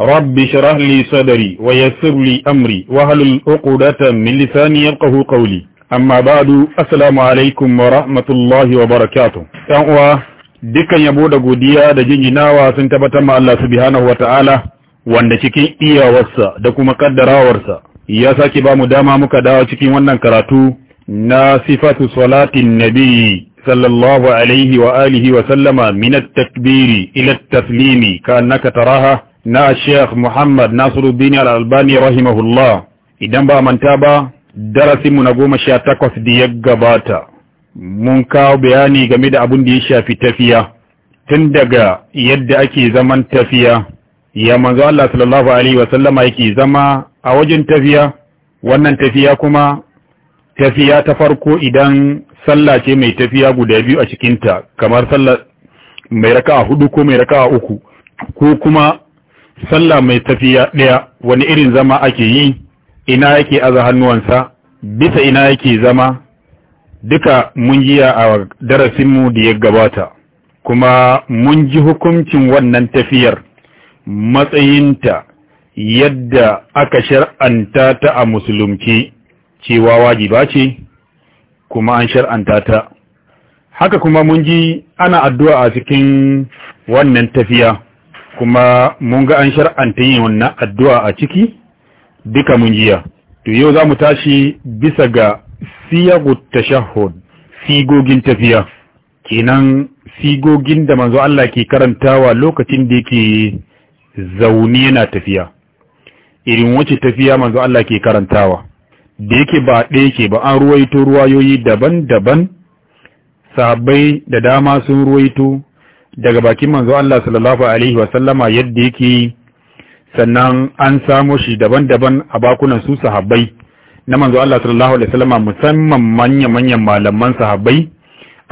رب اشرح wa صدري ويسر لي أمري وهل عقدة من لساني يفقه قولي amma ba'du assalamu alaikum wa rahmatullahi wa barakatuh yan uwa dukkan yabo da godiya da jinjinawa sun tabbatar ma Allah subhanahu wa ta'ala wanda cikin iyawarsa da kuma kaddarawarsa ya sake ba mu dama muka dawo cikin wannan karatu na sifatu salatin nabi sallallahu alaihi wa alihi wa sallama min at-takbiri ila at-taslimi ka taraha na Sheikh Muhammad Nasiruddin Al-Albani rahimahullah idan ba manta ba darasin mu na goma sha takwas da ya gabata mun kawo bayani game da abin da ya shafi tafiya tun daga yadda ake zaman tafiya ya manzo Allah sallallahu alaihi wa sallama yake zama a wajen tafiya wannan tafiya kuma tafiya ta farko idan sallah ce mai tafiya guda biyu a cikinta kamar sallah mai raka'a hudu ko mai raka'a uku ko kuma sallah mai tafiya ɗaya wani irin zama ake yi ina yake aza hannuwansa bisa ina yake zama duka mun jiya a darasinmu da ya gabata kuma mun ji hukuncin wannan tafiyar matsayinta yadda aka shar'anta ta a musulunci cewa wajiba ce kuma an shar'anta ta haka kuma mun ji ana addu'a a cikin wannan tafiya kuma mun ga an shar'anta yin wannan addu'a a ciki duka mun jiya to yau za mu tashi bisa ga siyagu tashahud sigogin tafiya kenan sigogin da manzo Allah ke karantawa lokacin da yake zaune yana tafiya irin wacce tafiya manzo Allah ke karantawa da yake ba ɗaya ke ba an ruwaito ruwayoyi daban-daban sabai da dama sun ruwaito daga bakin manzo Allah sallallahu alaihi yadda yake sannan an samo shi daban-daban a bakunan su sahabbai na manzo Allah sallallahu alaihi musamman manya-manyan malaman sahabbai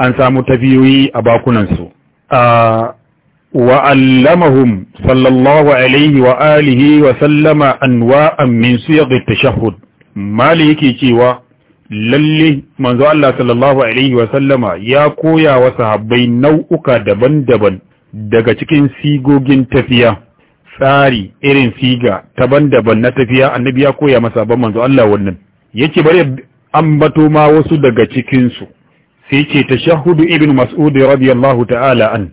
an samu tafiyoyi a bakunan su A allamahum sallallahu alaihi wa alihi wa sallama anwa'an min siyaqi tashahhud mali yake cewa lalle manzo Allah sallallahu alaihi wa sallama ya koya wa sahabbai nau'uka daban-daban daga cikin sigogin tafiya tsari irin siga daban-daban na tafiya annabi ya koya masa ban manzo Allah wannan yace bari ambato ma wasu daga cikin su sai ce tashahhudu ibn mas'ud radiyallahu ta'ala an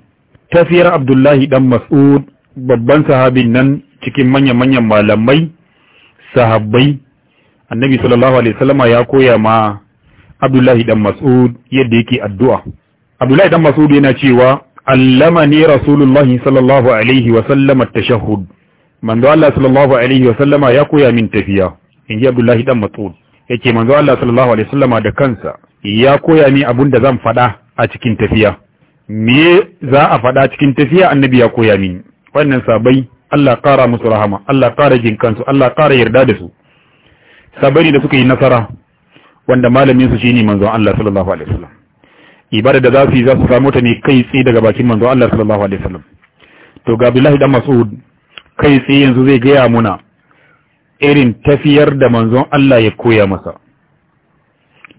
tafiyar abdullahi dan mas'ud babban sahabin nan cikin manyan manyan malamai sahabbai annabi sallallahu alaihi wasallama ya koya ma abdullahi dan mas'ud yadda yake addu'a abdullahi dan mas'ud yana cewa allamani rasulullahi sallallahu alaihi wasallama at-tashahhud manzo Allah sallallahu alaihi wasallama ya koya min tafiya inji abdullahi dan mas'ud yake manzo Allah sallallahu alaihi wasallama da kansa ya koya min abun da zan faɗa a cikin tafiya me za a fada cikin tafiya annabi ya koya min wannan sabai Allah ƙara musu rahama Allah ƙara jinkansu Allah ƙara yarda da su sabari da suka yi nasara wanda malamin su shine manzon Allah sallallahu alaihi wasallam ibada da zasu yi za su samu ta ne kai tsaye daga bakin manzon Allah sallallahu alaihi wasallam to ga Abdullahi dan Mas'ud kai tsaye yanzu zai gaya muna irin tafiyar da manzon Allah ya koya masa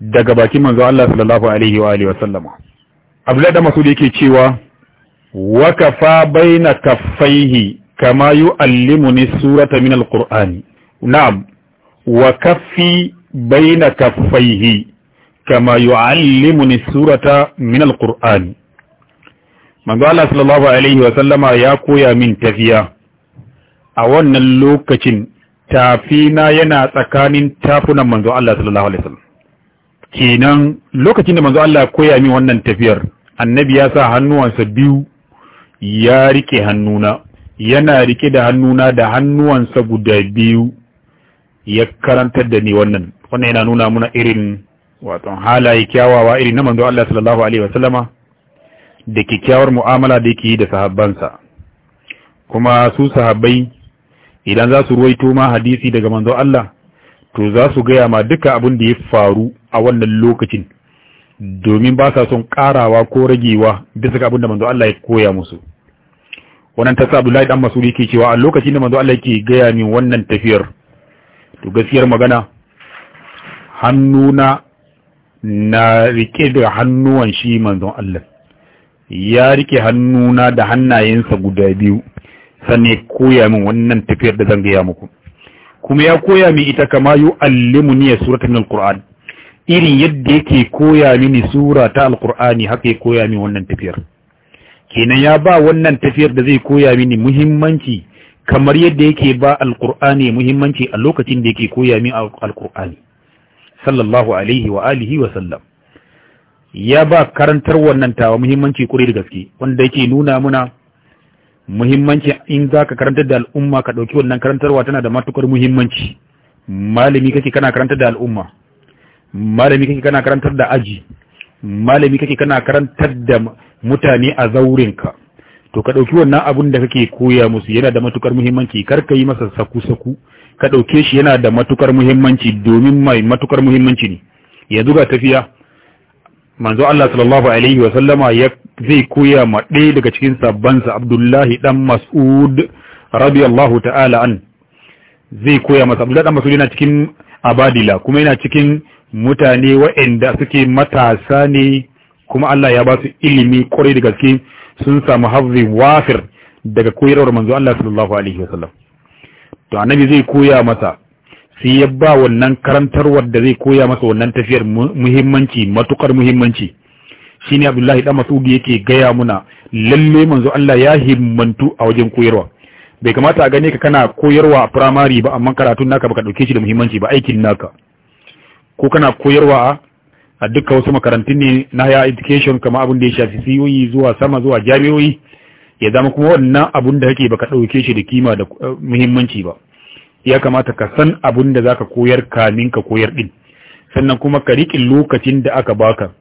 daga bakin manzon Allah sallallahu alaihi wa alihi wasallam Abdullahi dan Mas'ud yake cewa wa kafa baina kaffaihi kama yu'allimuni surata min alqur'ani na'am wa kaffi baina kaffaihi kama yu'allimuni surata min alqur'ani manzo Allah sallallahu alaihi wa sallama ya koya min tafiya a wannan lokacin tafina yana tsakanin tafunan manzo Allah sallallahu alaihi wasallam kenan lokacin da manzo Allah koya min wannan tafiyar annabi ya sa hannuwansa biyu ya rike hannuna yana rike da hannuna da hannuwansa guda biyu ya karantar da ni wannan wannan yana nuna muna irin wato halaye kyawawa irin na manzo Allah sallallahu alaihi sallama da kyakkyawar mu'amala da yake da sahabbansa kuma su sahabbai idan za su ruwaito ma hadisi daga manzo Allah to za su gaya ma duka abin da ya faru a wannan lokacin domin ba sa son karawa ko ragewa bisa ga abin da manzo Allah ya koya musu wannan ta dan Masudi ke cewa a lokacin da manzo Allah yake gaya min wannan tafiyar to gaskiyar magana hannuna na rike da hannuwan shi manzon Allah ya rike hannuna da hannayensa guda biyu sannan koya min wannan tafiyar da zan gaya muku kuma ya koya min ita kama yu allimu ya suratul alquran irin yadda yake koya mini sura ta alqur'ani haka ya koya min wannan tafiyar kenan ya ba wannan tafiyar da zai koya mini muhimmanci kamar yadda yake ba alkur'ani muhimmanci a lokacin da yake koya min alkur'ani sallallahu alaihi wa alihi wa sallam ya ba karantar wannan tawa muhimmanci kure da gaske wanda yake nuna muna muhimmanci in za ka karantar da al'umma ka ɗauki wannan karantarwa tana da matukar muhimmanci malami kake kana karantar da al'umma malami kake kana karantar da aji malami kake kana karantar da mutane a zaurinka to ka ɗauki wannan abun da kake koya musu yana da matukar muhimmanci kar ka yi masa saku-saku ka ɗauke shi yana da matukar muhimmanci domin mai matukar muhimmanci ne yanzu ga tafiya manzo Allah sallallahu alaihi wa sallama ya zai koya ma ɗaya daga cikin sabbansa Abdullahi dan Mas'ud radiyallahu ta'ala an zai koya masa Abdullahi dan Mas'ud yana cikin abadila kuma yana cikin mutane waɗanda suke matasa ne kuma Allah ya ba su ilimi kwarai da gaske sun samu hazzi wafir daga koyarwar manzo Allah sallallahu alaihi wasallam to annabi zai koya masa sai ya ba wannan karantarwar da zai koya masa wannan tafiyar muhimmanci matukar muhimmanci shine Abdullahi dan Mas'ud yake gaya muna lalle manzo Allah ya himmantu a wajen koyarwa bai kamata a gane ka kana koyarwa a primary ba amma karatun naka baka dauke shi da muhimmanci ba aikin naka ko kana koyarwa a a duka wasu makarantun ne na higher education kamar abin da ya shafi siyoyi e zuwa sama zuwa jami'o'i ya zama kuma wannan abun da kake baka ɗauke shi da kima da eh, muhimmanci ba ya kamata ka san abun da zaka koyar kamin ka koyar din sannan kuma ka riƙe lokacin da aka baka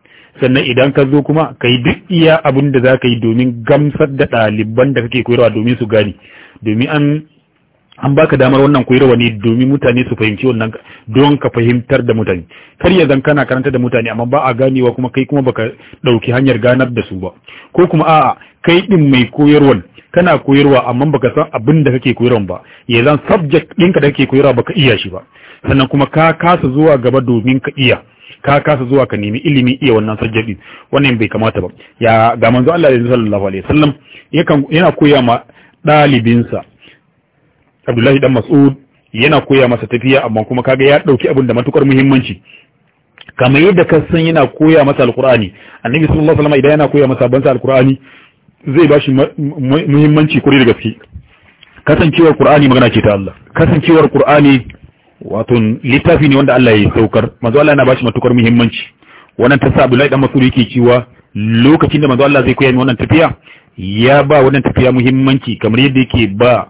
sannan idan ka zo kuma ka yi duk iya abun da zaka yi domin gamsar da ɗaliban da kake koyarwa domin su gane domin an an baka damar wannan koyarwa ne domin mutane su fahimci wannan don ka fahimtar da mutane kar ya zan kana karanta da mutane amma ba a ganewa kuma kai kuma baka dauki hanyar ganar da su ba ko kuma a'a kai din mai koyarwan kana koyarwa amma baka san abin da kake koyarwan ba ya zan subject ɗinka da kake koyarwa baka iya shi ba sannan kuma ka kasa zuwa gaba domin ka iya ka kasa zuwa ka nemi ilimi iya wannan subject din wannan bai kamata ba ya ga manzo Allah sallallahu alaihi wasallam yakan yana koya ma ɗalibinsa Abdullahi dan Mas'ud yana koya masa tafiya amma kuma kaga ya dauki abin da matukar muhimmanci kamar yadda ka san yana koya masa alqur'ani annabi sallallahu alaihi wasallam idan yana koya masa bansa alqur'ani zai bashi muhimmanci kuri da gaske kasancewar qur'ani magana ce ta Allah kasancewar qur'ani wato littafi ne wanda Allah ya saukar manzo Allah yana bashi matukar muhimmanci wannan ta sa Abdullahi dan Mas'ud yake cewa lokacin da manzo Allah zai koya ni wannan tafiya ya ba wannan tafiya muhimmanci kamar yadda yake ba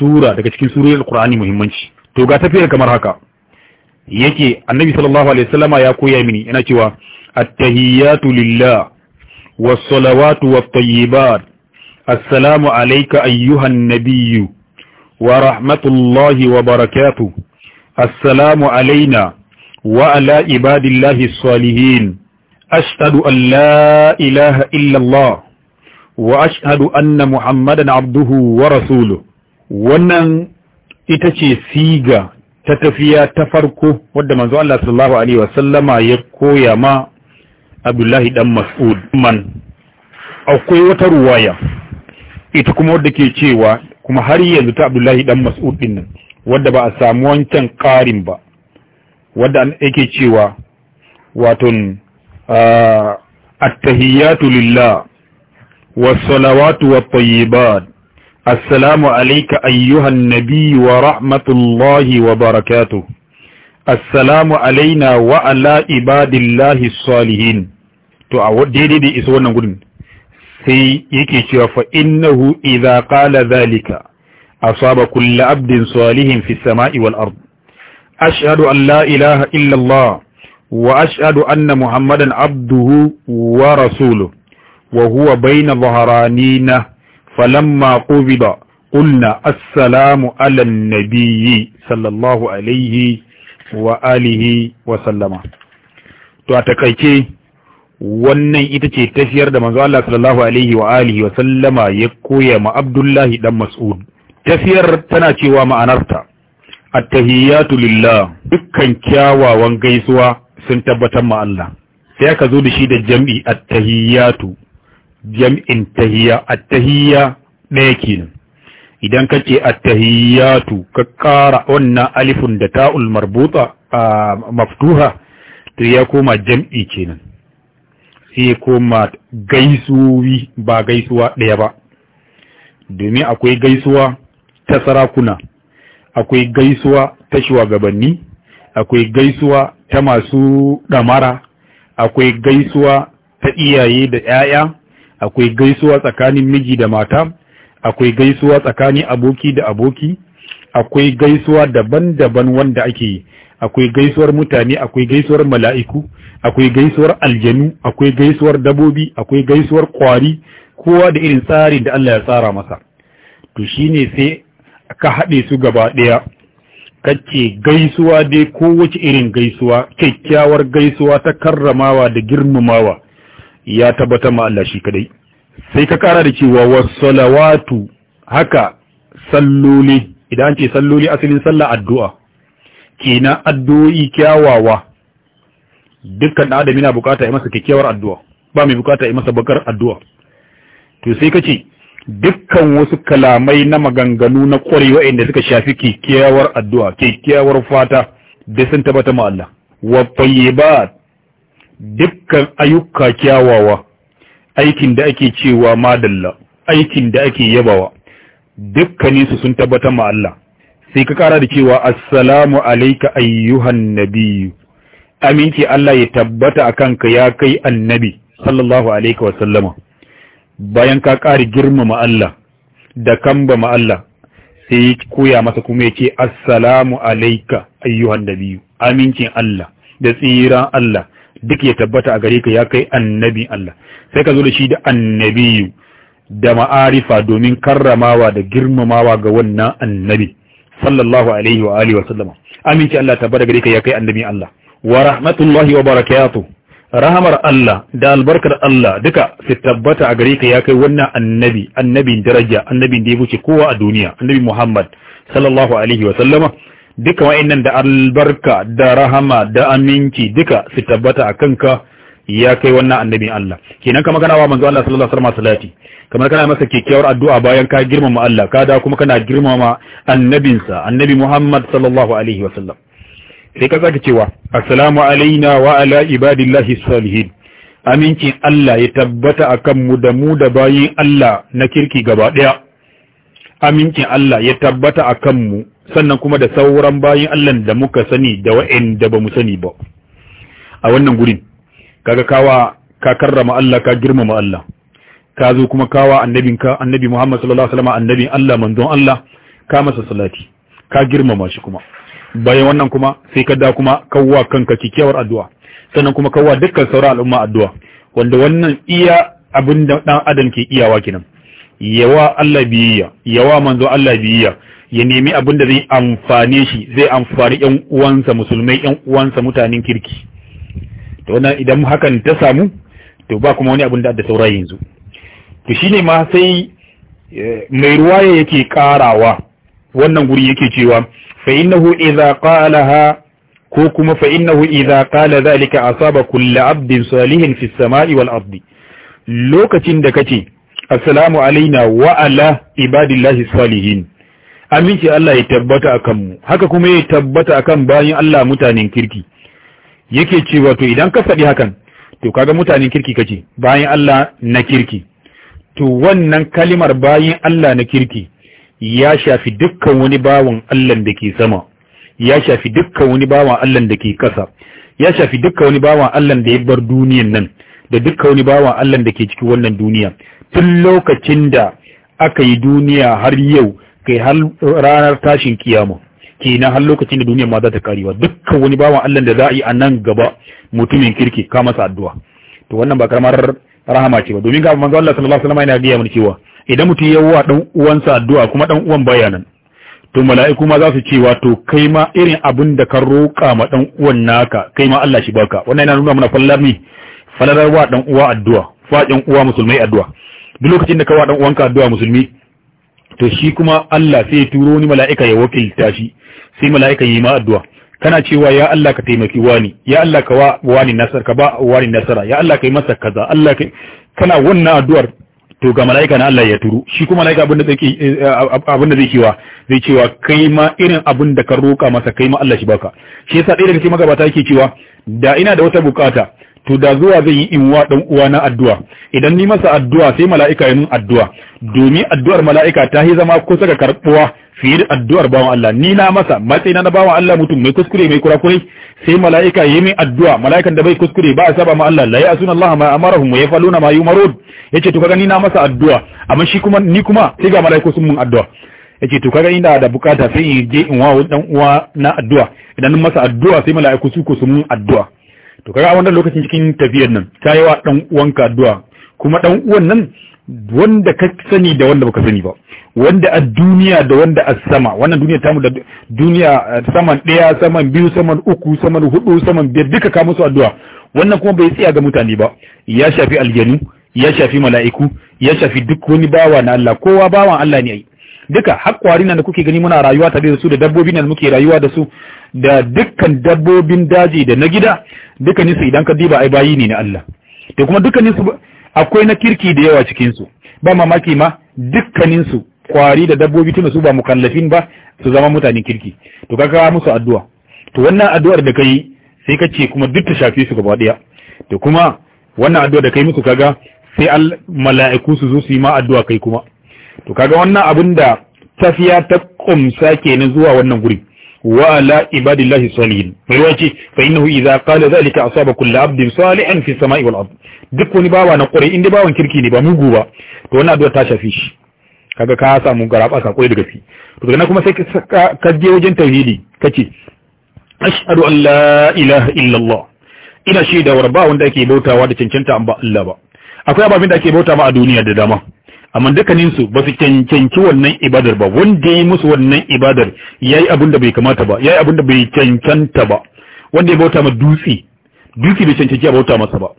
sura daga cikin surorin alqur'ani muhimmanci to ga tafiyar kamar haka yake annabi sallallahu alaihi wasallama ya koya mini yana cewa at-tahiyatu lillah was-salawatu wat-tayyibat assalamu alayka ayyuhan nabiyyu wa rahmatullahi wa barakatuh assalamu alayna wa ala ibadillahi as-salihin ashhadu an la ilaha illa allah wa ashhadu anna muhammadan abduhu wa rasuluhu wannan ita ce siga ta tafiya ta farko wadda manzo Allah sallallahu alaihi wasallama ya koya ma Abdullahi dan Mas'ud man akwai wata ruwaya ita kuma wadda ke cewa kuma har yanzu ta Abdullahi dan Mas'ud din nan wadda ba a samu wancan ƙarin ba wadda yake cewa waton at-tahiyatu lillah was salawatu wat tayyibat السلام ayyuhan أيها wa ورحمة wa وبركاته السلام alaina, wa ala Ibadillahi الصالحين to a daidai da isa wannan gudun sai yake cewa fa innahu idza qala zalika asaba kullu abdin salihin fi samai wal ard ashhadu an la ilaha illa allah wa ashhadu anna muhammadan abduhu wa rasuluhu wa huwa bayna dhahranina falamma qubida qulna assalamu ala nabiyyi sallallahu alaihi wa alihi wa sallama to a takaice wannan ita ce tafiyar da manzo Allah sallallahu alaihi wa alihi wa sallama ya koya ma Abdullahi dan Mas'ud tafiyar tana cewa ma'anarta attahiyatu lillah dukkan kyawawan gaisuwa sun tabbatar ma Allah sai aka zo da shi da jam'i attahiyatu jam'in tahiyya at-tahiyya ɗaya kenan idan ka ce at tu ka ƙara wannan alifun da ta'ul marbuta maftuha to ya koma jam'i kenan sai koma gaisuwi ba gaisuwa ɗaya ba domin akwai gaisuwa ta sarakuna akwai gaisuwa ta shugabanni akwai gaisuwa ta masu ɗamara akwai gaisuwa ta iyaye da ‘ya'ya akwai gaisuwa tsakanin miji da mata akwai gaisuwa tsakanin aboki da aboki akwai gaisuwa daban-daban wanda ake yi akwai gaisuwar mutane akwai gaisuwar mala'iku akwai gaisuwar aljanu akwai gaisuwar dabobi akwai gaisuwar kwari kowa da irin tsarin da Allah ya tsara masa to shine sai ka haɗe su gaba ɗaya kace gaisuwa dai kowace irin gaisuwa kyakkyawar gaisuwa ta karramawa da girmamawa ya tabbatar ma Allah shi kadai sai ka kara da cewa wassalawatu haka salloli idan an ce salloli asalin sallah addu'a kina addu'o'i kyawawa dukkan da adamina na bukata yi masa kyakkyawar addu'a ba mai bukata yi masa bakar addu'a to sai ka ce dukkan wasu kalamai na maganganu na ƙwarewa inda suka shafi kyakkyawar addu'a kyakkyawar fata da sun tabbata ma Allah wa tayyibat dukkan ayyuka kyawawa aikin da ake cewa madalla aikin da ake yabawa dukkaninsu sun tabbatar ma Allah sai ka kara da cewa assalamu alayka ayyuhan nabiyyu aminci Allah ya tabbata akan ka ya kai annabi sallallahu alayka wa sallama bayan ka kare girmama Allah da kamba ma Allah sai ya koya masa kuma ya ce assalamu alayka ayyuhan nabiyyu amincin Allah da tsira Allah duk ya tabbata a gare ka ya kai annabi Allah sai ka zo da shi da annabiyu da ma'arifa domin karramawa da girmamawa ga wannan annabi sallallahu alaihi wa alihi wa sallama aminci Allah tabbata gare ka ya kai annabi Allah wa rahmatullahi wa barakatuh rahamar Allah da albarkar Allah duka su tabbata a gare ka ya kai wannan annabi annabin daraja annabin da ya wuce kowa a duniya annabi Muhammad sallallahu alaihi wa sallama duka wa'annan da albarka da rahama da aminci duka su tabbata a kanka ya kai wannan annabin Allah kenan ka kana wa manzo Allah sallallahu alaihi wasallam salati kamar kana masa kekewar addu'a bayan ka girmama Allah ka da kuma kana girmama annabinsa annabi Muhammad sallallahu alaihi wasallam sai ka saka cewa assalamu alaina wa ala ibadillahi salihin amincin Allah ya tabbata akan mu da mu da bayin Allah na kirki gaba daya Aminkin Allah ya tabbata a kanmu sannan kuma da sauran bayan Allah da muka sani da wa'anda ba mu sani ba a wannan gurin kaga kawa ka karrama Allah ka girmama Allah ka zo kuma kawa annabinka annabi Muhammad sallallahu alaihi wasallam annabin Allah manzon Allah ka masa salati ka girmama shi kuma bayan wannan kuma sai ka da kuma kawwa kanka kikkiawar addu'a sannan kuma kawwa dukkan sauran al'umma addu'a wanda wannan iya abin da dan adam ke iyawa kenan yawa Allah biyayya yawa manzo Allah biyayya ya nemi abin da zai amfane shi zai amfani ƴan uwansa musulmai ƴan uwansa mutanen kirki to wannan idan hakan ta samu to ba kuma wani abin da da saura yanzu to shine ma sai eh, mai ruwaya yake karawa wannan guri yake cewa fa innahu idza qalaha ko kuma fa innahu idza qala dhalika asaba kullu abdin salihin fis sama'i wal ardi lokacin da kace assalamu alaina wa ala ibadillahi salihin aminci Allah ya tabbata a kanmu. haka kuma ya tabbata akan bayan Allah mutanen kirki yake cewa to idan ka faɗi hakan to kaga mutanen kirki kace bayan Allah na kirki to wannan kalimar bayan Allah na kirki ya shafi dukkan wani bawan Allah da ke sama ya shafi dukkan wani bawan Allah da ke ƙasa ya shafi dukkan wani bawan Allah da ya bar duniyan nan da dukkan wani bawan Allah da ke cikin wannan duniya tun lokacin da aka yi duniya har yau kai har ranar tashin kiyama kenan har lokacin da duniya ma za ta karewa dukkan wani bawan Allah da za a yi a nan gaba mutumin kirki ka masa addu'a to wannan ba karamar rahama ce ba domin ga manzo Allah sallallahu alaihi wasallam yana mana cewa idan mutum ya wa dan uwansa addu'a kuma dan uwan baya nan to mala'iku ma za su cewa to kai ma irin abin da ka roƙa ma dan uwan naka kai ma Allah shi baka wannan yana nuna mana fallami falalar wa dan uwa addu'a fa'in uwa musulmai addu'a duk lokacin da kawa dan uwanka addu'a musulmi to shi kuma Allah sai ya turo ni mala'ika ya wakilta shi sai mala'ika yi ma addu'a kana cewa ya Allah ka taimaki wani ya Allah ka wa wani nasar ka ba wani nasara ya Allah ka yi masa kaza Allah ka kana wannan addu'ar to ga mala'ika na Allah ya turo shi kuma mala'ika abin da zai eh, abin da zai cewa zai cewa kai ma irin abin da ka roka masa kai ma Allah shi baka shi yasa ɗaya daga cikin magabata yake cewa da ina da wata bukata to da zuwa zai yi inwa dan uwana addu'a idan ni masa addu'a sai mala'ika ya mun addu'a domin addu'ar mala'ika ta yi zama kusa ga karbuwa fiye da addu'ar bawan Allah ni na masa matsayina na bawan Allah mutum mai kuskure mai kurakurai sai mala'ika yi min addu'a mala'ikan da bai kuskure ba a saba ma Allah la ya'suna Allah ma amarahum wa yafaluna ma yumarun yace to kaga ni na masa addu'a amma shi kuma ni kuma sai ga mala'iku sun mun addu'a yace to kaga ina da bukata sai in je in wa dan uwa na addu'a idan masa addu'a sai mala'iku su sun mun addu'a to kaga a wannan lokacin cikin tafiyar nan ta yi wa dan uwanka addu'a kuma ɗan uwan nan wanda ka sani da wanda baka sani ba wanda a duniya da wanda a sama wannan duniya mu da duniya saman ɗaya saman biyu saman uku saman hudu saman biyar duka ka musu addu'a wannan kuma bai tsaya ga mutane ba ya shafi aljanu ya shafi mala'iku ya shafi duk wani bawa na Allah kowa bawan Allah ne ai duka har na da kuke gani muna rayuwa tare da su da dabbobi na da muke rayuwa da su da dukkan dabbobin daji da na gida dukkanin su idan ka diba ai bayi ne na Allah da kuma dukkanin su akwai na kirki da yawa cikin su ba mamaki ma dukkanin su kwari da dabbobi tuna su ba mukallafin ba su zama mutane kirki to kaga musu addu'a to wannan addu'ar da kai sai ka ce kuma duk ta shafe su gaba daya to kuma wannan addu'a da kai musu kaga sai al mala'iku su zo su yi ma addu'a kai kuma to kaga wannan abin da tafiya ta kumsa kenan zuwa wannan gurin. wala ibadillahi salihin riwaci fa innahu idza qala dhalika asaba kulli abdin salihan fi samai wal ard duk wani bawa na kure inda bawan kirki ne ba mugu ba to wannan addu'a ta shafi shi kaga kaya samu garaba ka daga fi to kana kuma sai ka je wajen tauhidi kace ashhadu an la ilaha illa ina shaida wa wanda ake bautawa da cancanta ba allah ba akwai abin da ake bauta ma a duniya da dama amma dukkanin su ba su cancanci wannan ibadar ba wanda ya yi musu wannan ibadar yayi abin da bai kamata ba yayi abin da bai cancanta ba wanda ya bauta ma dutse dutse bai cancanci a bauta masa ba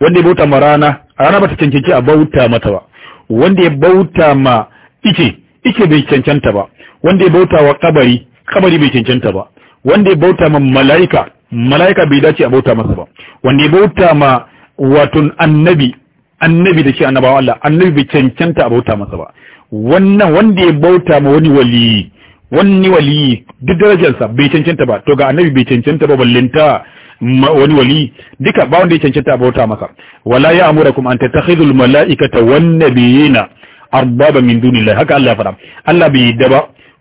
wanda ya bauta ma rana rana ba ta cancanci a bauta mata ba wanda ya bauta ma ice ice bai cancanta ba wanda ya bauta wa kabari kabari bai cancanta ba wanda ya bauta ma mala'ika mala'ika bai dace a bauta masa ba wanda ya bauta ma watun annabi annabi da shi annabawa Allah annabi bai cancanta a bauta masa ba wannan wanda ya bauta ma wani wali wani wali duk darajarsa bai cancanta ba to ga annabi bai cancanta ba ballinta wani wali duka ba wanda ya cancanta a bauta masa wala ya amura kuma an tattakhidul mala'ikata wan nabiyina arbaba min dunillahi haka Allah ya fara Allah bai yadda ba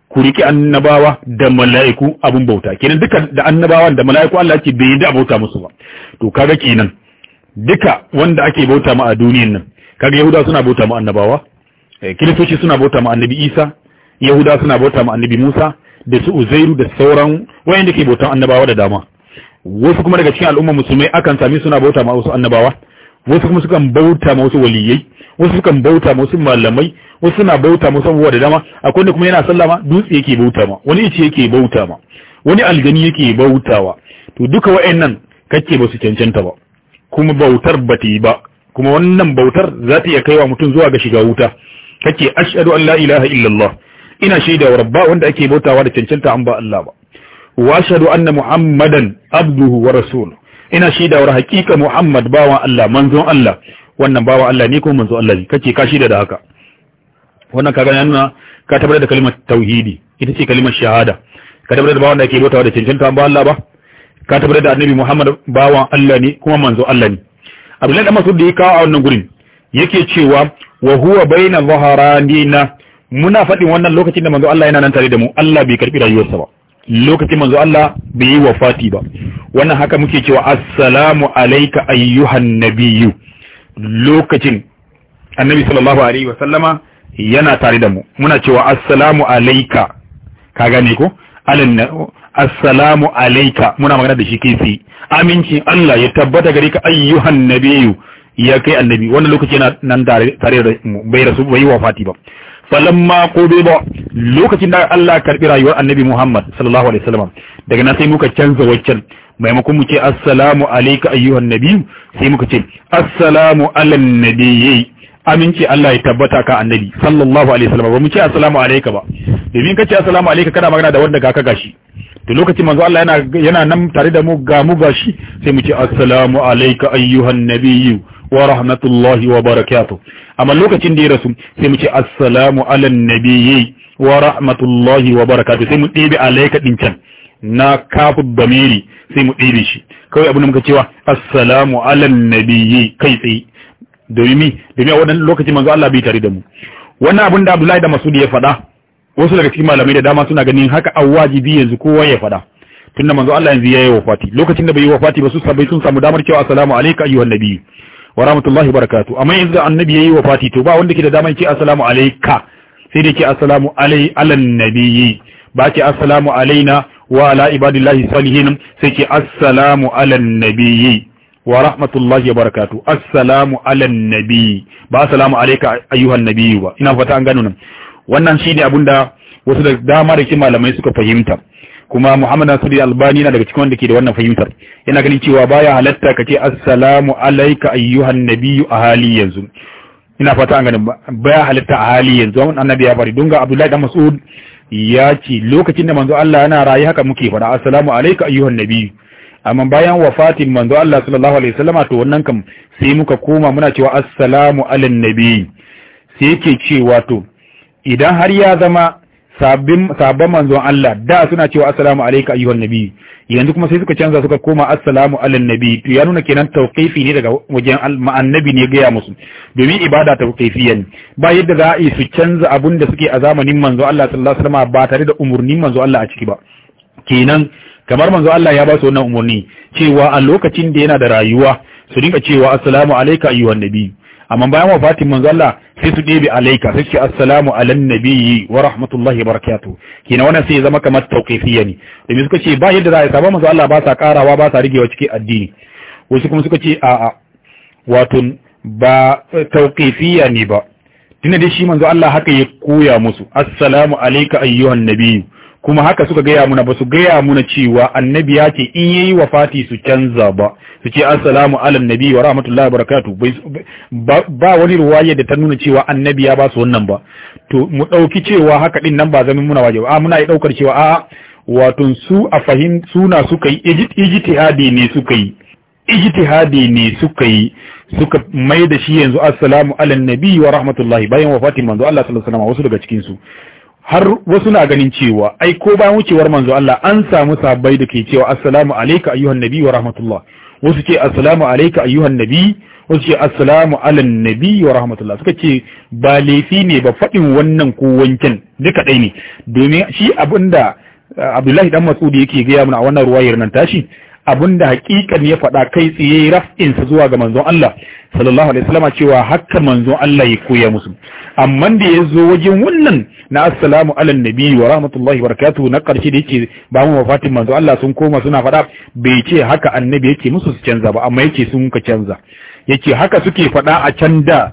ku riki annabawa da mala'iku abun bauta kenan duka da annabawa da mala'iku Allah ce bai yadda a bauta musu ba to kaga kenan duka wanda ake bauta ma a duniyan nan kaga yahuda suna bauta ma annabawa eh, kiristoci suna bauta ma annabi isa yahuda suna bauta ma annabi musa da su uzairu da sauran wayanda ke bautan annabawa da dama wasu kuma daga cikin al'ummar musulmai akan sami suna bauta ma wasu annabawa wasu kuma sukan bauta ma wasu waliyai wasu sukan bauta ma wasu malamai wasu suna bauta ma wasu da dama akwai wanda kuma yana sallah ma dutse yake bauta ma wani ice yake bauta ma wani aljani yake bautawa to duka wayannan kake ba su cancanta ba kuma bautar ba ta yi ba kuma wannan bautar za ta iya kaiwa mutum zuwa ga shiga wuta kake ashhadu an la ilaha illallah ina shaida wa rabba wanda ake bautawa da cancanta an ba Allah ba wa ashhadu anna muhammadan abduhu wa rasuluhu ina shaida wa hakika muhammad bawa Allah manzon Allah wannan bawan Allah ne ko manzon Allah ne kake ka shaida da haka wannan kaga ya nuna ka tabbatar da kalmar tauhidi ita ce kalmar shahada ka tabbatar da bawan wanda ake bautawa da cancanta an ba Allah ba ka tabbatar da annabi Muhammad bawan Allah ne kuma manzo Allah ne Abdullahi dan Mas'ud da ya kawo a wannan gurin yake cewa wa huwa baina dhaharanina muna faɗin wannan lokacin da manzo Allah yana nan tare da mu Allah bai karbi rayuwarsa ba lokacin manzo Allah bai yi wafati ba wannan haka muke cewa assalamu alayka ayyuhan nabiyyu lokacin annabi sallallahu alaihi wasallama yana tare da mu muna cewa assalamu alayka ka gane ko assalamu alayka muna magana da shi kai amincin Allah ya tabbata gare ka ayyuhan nabiyyu ya kai annabi wannan lokaci yana nan tare da bai rasu bai fati ba falamma qubiba lokacin da Allah karbi rayuwar annabi Muhammad sallallahu alaihi wasallam daga nan sai muka canza waccan maimakon mu ce assalamu alayka ayyuhan sai muka ce assalamu alan nabiyyi aminci Allah ya tabbata ka annabi sallallahu alaihi wasallam ba mu ce assalamu alayka ba domin ka ce assalamu alayka kana magana da wanda ka kaga to lokacin manzo Allah yana yana nan tare da mu ga mu gashi sai mu ce assalamu alayka ayyuhan nabiyyu wa rahmatullahi wa barakatuh amma lokacin da ya rasu sai mu ce assalamu ala nabiyyi wa rahmatullahi wa barakatuh sai mu ɗebe alayka din can na kafu bamiri sai mu ɗebe shi kawai abin da muka cewa assalamu ala nabiyyi kai tsaye domin domin a wannan lokacin manzo Allah bai tare da mu wannan abin da Abdullahi da Masudi ya faɗa wasu daga cikin malamai da dama suna ganin haka an wajibi yanzu kowa ya faɗa tunda manzo Allah yanzu yayi wafati lokacin da bai yi wafati ba su sabai sun samu damar cewa assalamu alayka ayyuhan nabi wa rahmatullahi barakatu amma yanzu annabi yayi wafati to ba wanda ke da damar ce assalamu alayka sai dai ke assalamu alai alan nabiyyi ba ke assalamu alaina wa ala ibadillahi salihin sai ke assalamu alan nabiyyi wa rahmatullahi wa barakatu assalamu alan nabiyyi ba assalamu alayka ayyuhan nabiyyi ba ina fata an gano nan wannan shi abin da wasu da dama da cikin malamai suka fahimta kuma Muhammad Nasiru Albani na daga cikin wanda ke da wannan fahimtar yana ganin cewa baya halatta ka ce assalamu alaika ayyuhan nabiyyu a hali yanzu ina fata an ganin baya halatta a hali yanzu wannan annabi ya bari don ga Abdullahi dan Mas'ud ya ce lokacin da manzo Allah yana rayu haka muke fada assalamu alaika ayyuhan nabiyyu amma bayan wafatin manzo Allah sallallahu alaihi wasallama to wannan kam sai muka koma muna cewa assalamu alan nabiyyi sai yake cewa to idan har ya zama sabbin sabon manzon Allah da suna cewa assalamu alaika ayyuhan nabi yanzu kuma sai suka canza suka koma assalamu alal nabi to ya nuna kenan tawqifi ne daga wajen annabi ne gaya musu domin ibada tawqifiyya ne ba yadda za a yi su canza abun da suke a zamanin manzo Allah sallallahu alaihi wasallam ba tare da umurnin manzo Allah a ciki ba kenan kamar manzo Allah ya ba su wannan umurni cewa a lokacin da yana da rayuwa su dinga cewa assalamu alayka ayyuhan nabi amma bayan wafatin manzo Allah sai su ɗebe alaika sai ce assalamu alan nabiyyi wa rahmatullahi wa kina wannan sai zama kamar tauqifiyya ne domin suka ce ba yadda za a saba ala Allah ba sa karawa ba sa rigewa cikin addini wasu kuma suka ce a a wato ba tauqifiyya ne ba tunda dai shi manzo Allah haka ya koya musu assalamu alayka ayyuhan nabiyyu kuma haka suka gaya muna ba su gaya muna cewa annabi ya ce in yayi wafati su canza ba su ce assalamu ala nabi wa rahmatullahi wa barakatuh ba wani ruwaya da ta nuna cewa annabi ya ba su wannan ba to mu dauki cewa haka din nan ba zamin muna waje ba a muna yi daukar cewa a wato su a fahim suna suka yi ijtihadi ne suka yi ijtihadi ne suka yi suka mai da shi yanzu assalamu ala nabi wa rahmatullahi bayan wafatin manzo Allah sallallahu alaihi wasallam wasu daga cikin su har wasu na ganin cewa ai ko bayan wucewar manzo Allah an samu sabai da ke cewa assalamu alayka ayyuhan nabi wa rahmatullah wasu ce assalamu alayka ayyuhan nabi wasu ce assalamu nabi wa rahmatullah suka ce ba laifi ne ba fadin wannan ko wancan duka dai ne domin shi abinda uh, Abdullahi dan Mas'udi yake gaya mana a wannan ruwayar nan tashi abinda hakikan ya faɗa kai tsaye raf'in sa zuwa ga manzon Allah sallallahu alaihi wasallam cewa haka manzo Allah ya koya musu amma da yazo wajen wannan na assalamu ala nabi wa rahmatullahi wa barakatuh na karshe da yake ba mu wafatin manzo Allah sun koma suna fada bai ce haka annabi yake musu su canza ba amma yake sun ka canza yake haka suke fada a can da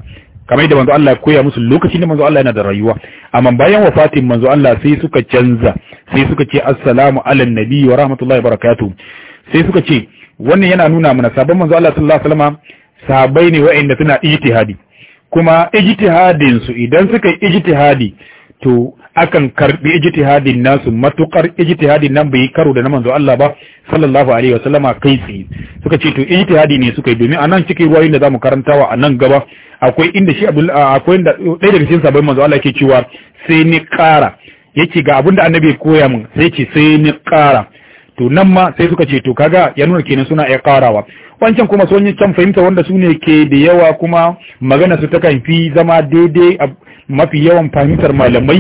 kamar da manzo Allah ya koya musu lokacin da manzo Allah yana da rayuwa amma bayan wafatin manzo Allah sai suka canza sai suka ce assalamu ala nabi wa rahmatullahi wa barakatuh sai suka ce wannan yana nuna mana sabon manzo Allah sallallahu alaihi wasallam sahabbai ne waɗanda suna ijtihadi kuma ijtihadin su idan suka yi ijtihadi to akan karbi ijtihadin nasu matukar ijtihadin nan bai karo da na manzo Allah ba sallallahu alaihi wasallama kai tsaye suka ce to ijtihadi ne suka yi domin anan cikin ruwayoyin da zamu karantawa anan gaba akwai inda shi Abdul akwai inda ɗaya daga cikin sabai manzo Allah yake cewa sai ni ƙara yake ga abinda annabi ya koya min sai ce sai ni kara. to nan ma sai suka ce to kaga ya nuna kenan suna iya karawa wancan kuma sun can fahimta wanda su ne ke da yawa kuma magana su takan fi zama daidai a mafi yawan fahimtar malamai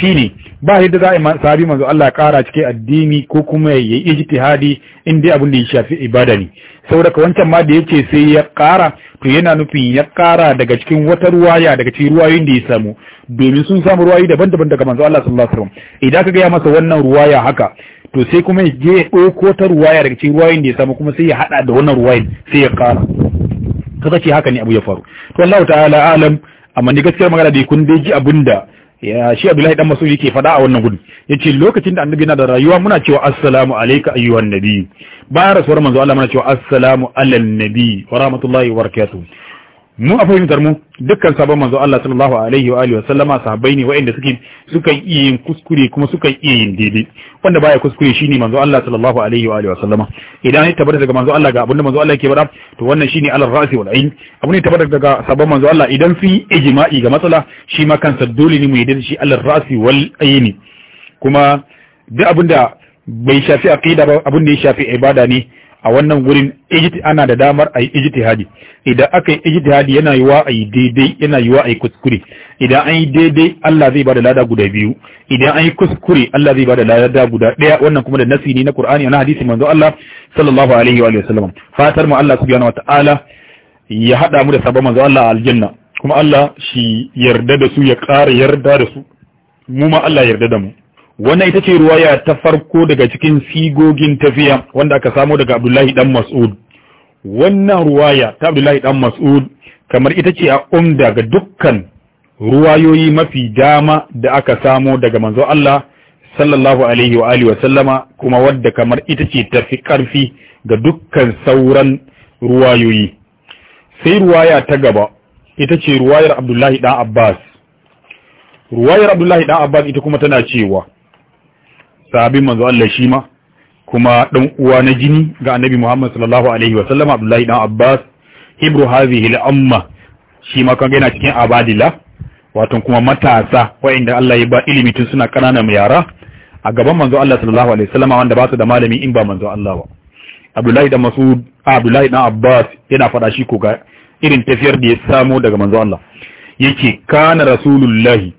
shine ba yadda za a yi sabi manzo Allah ya kara cikin addini ko kuma ya yi ijtihadi in dai abin da ya shafi ibada ne saboda wancan ma da yace sai ya kara to yana nufin ya kara daga cikin wata ruwaya daga cikin ruwayoyin da ya samu domin sun samu ruwayoyi daban-daban daga manzo Allah sallallahu alaihi wasallam idan ka ga ya masa wannan ruwaya haka to sai kuma ya je ɗauko ta ruwaya daga cikin ruwayin da ya samu kuma sai ya haɗa da wannan ruwayin sai ya ƙara kaga ce haka ne abu ya faru to Allah ta'ala alam amma ni gaskiyar magana dai kun dai ji abinda ya shi Abdullahi dan Masudi yake fada a wannan gudu yace lokacin da annabi yana da rayuwa muna cewa assalamu alayka ayyuhan nabi bayan rasuwar manzo Allah muna cewa assalamu alal nabi wa rahmatullahi wa barakatuh mu a fahimtar mu dukkan sabon manzo Allah sallallahu alaihi wa alihi wa sallama sahabbai ne waɗanda suke suka iya yin kuskure kuma suka iya yin daidai wanda baya kuskure shine manzo Allah sallallahu alaihi wa alihi wa sallama idan ya tabbata daga manzo Allah ga abinda manzo Allah yake faɗa to wannan shine alal ra'si wal ayn abu ne tabbata daga sabon manzo Allah idan fi ijma'i ga matsala shi ma kansa dole ne mu yi da shi alal ra'si wal ayn kuma duk abinda bai shafi aqida ba abin da ya shafi ibada ne a wannan gurin ijiti ana da damar a yi ijtihadi idan aka yi ijtihadi yana yiwa a yi daidai yana yiwa a yi kuskure idan an yi daidai Allah zai bada lada guda biyu idan an yi kuskure Allah zai bada lada guda daya wannan kuma da nasi ne na Qur'ani na hadisi manzo Allah sallallahu alaihi wa sallam fatar mu Allah subhanahu wa ta'ala ya hada mu da sabon manzo Allah a aljanna kuma Allah shi yarda da su ya ƙara yarda da su mu ma Allah yarda da mu wannan ita ce ruwaya ta farko daga cikin sigogin tafiya wanda aka samo daga Abdullahi dan Mas'ud wannan ruwaya ta Abdullahi dan Mas'ud kamar ita ce a umda ga dukkan ruwayoyi mafi dama da aka samo daga manzo Allah sallallahu alaihi wa alihi wa sallama kuma wadda kamar ita ce tafi karfi ga dukkan sauran ruwayoyi sai ruwaya ta gaba ita ce ruwayar Abdullahi dan Abbas ruwayar Abdullahi dan Abbas ita kuma tana cewa sahabin manzo Allah shi ma kuma dan uwa na jini ga annabi Muhammad sallallahu alaihi wa sallam Abdullahi dan Abbas hibru hadhihi al amma shi ma kan gaina cikin abadila wato kuma matasa wa'inda Allah ya ba ilimi tun suna kananan yara a gaban manzo Allah sallallahu alaihi wasallam wanda ba su da malami in ba manzo Allah ba Abdullahi dan Mas'ud Abdullahi dan Abbas yana fada shi ko ga irin tafiyar da ya samo daga manzo Allah yake kana rasulullahi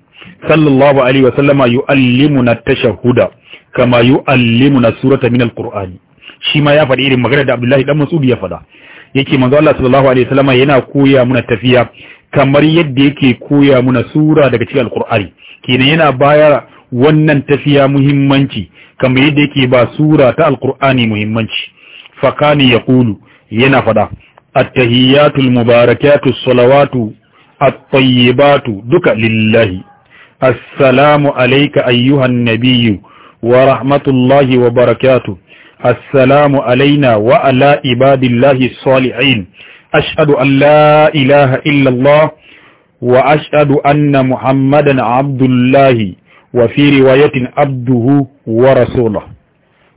sallallahu alaihi wasallam yu'allimuna tashahhuda kama na surata min alqur'ani shi ma ya faɗi irin magana da Abdullahi dan Mas'ud ya faɗa yake manzo Allah sallallahu alaihi wasallam yana koya muna tafiya kamar yadda yake koya muna sura daga cikin alqur'ani kenan yana bayar wannan tafiya muhimmanci kamar yadda yake ba sura ta alqur'ani muhimmanci fakani yaqulu yana faɗa at mubarakatu salawatu at-tayyibatu duka lillahi assalamu alaika ayyuhan nabiyyu wa rahmatullahi wa barakatu assalamu alaina wa ala ibadillahi salihin ashadu an la ilaha illallah wa ashadu anna muhammadan abdullahi wa fi riwayatin abduhu wa rasulah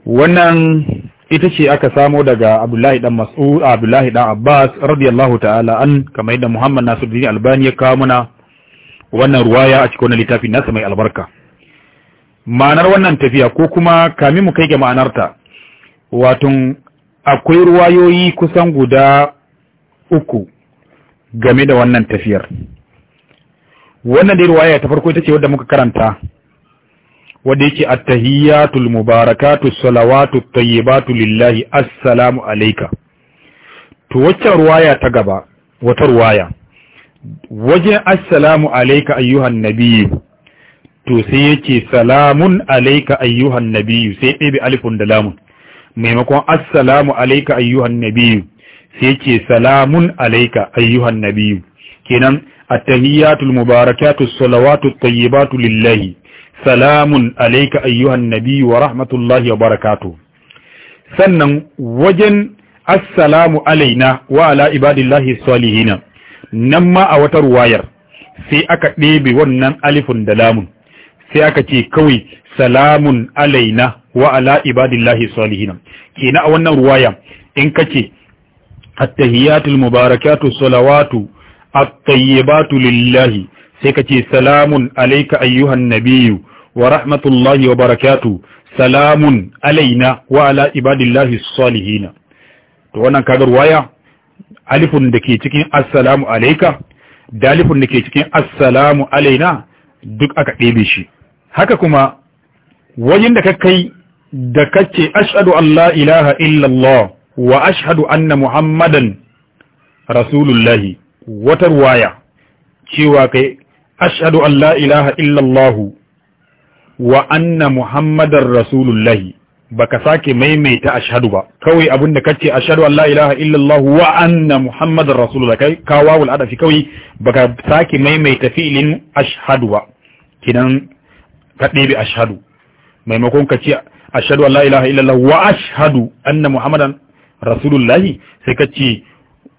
wannan ita ce aka samo daga abdullahi dan mas'ud abdullahi dan abbas radiyallahu ta'ala an kamar yadda muhammad nasiruddin albani ya kawo mana wannan ruwaya a cikin littafin nasa mai albarka ma'anar wannan tafiya ko kuma kami mu kai ga ma'anarta wato akwai ruwayoyi kusan guda uku game da wannan tafiyar wannan dai ruwaya ta farko ita ce wadda muka karanta wadda yake attahiyatul mubarakatu salawatu tayyibatu lillahi assalamu alayka to wacce ruwaya ta gaba wata ruwaya wajen assalamu alayka ayyuhan nabiyyu to sai yace salamun alaika ayyuhan nabiyyu sai ɗebe alifun da lamun maimakon assalamu alaika ayyuhan nabiyyu sai yace salamun alaika ayyuhan nabiyyu kenan at-tahiyatul mubarakatus salawatut tayyibatu lillahi salamun alaika ayyuhan nabiyyu wa rahmatullahi wa barakatuh sannan wajen assalamu alaina wa ala ibadillahi salihina nan ma a wata ruwayar sai aka ɗebe wannan alifun da lamun sai aka ce kawai salamun alaina wa ala ibadillahi salihina kenan a wannan ruwaya in kace at mubarakatu salawatu at-tayyibatu lillahi sai kace salamun alayka ayyuhan nabiyyu wa rahmatullahi wa barakatu salamun alaina wa ala ibadillahi salihina to wannan kaga ruwaya alifun da ke cikin assalamu alaika dalifun da ke cikin assalamu alaina duk aka ɗebe shi haka kuma wajen da ka kai da kace ashhadu an la ilaha illallah wa ashadu anna muhammadan rasulullahi wata ruwaya cewa kai ashhadu an la ilaha illallah wa anna muhammadan rasulullahi baka sake maimaita ashadu ba kawai abin da kace ashhadu an la ilaha illallah wa anna Muhammadan, rasulullah kai ka wawul adafi kawai baka sake maimaita fi'lin ashadu ba kidan ka ɗebe ashadu maimakon ka ce ashadu an la ilaha illallah wa ashadu anna muhammadan rasulullahi sai ka ce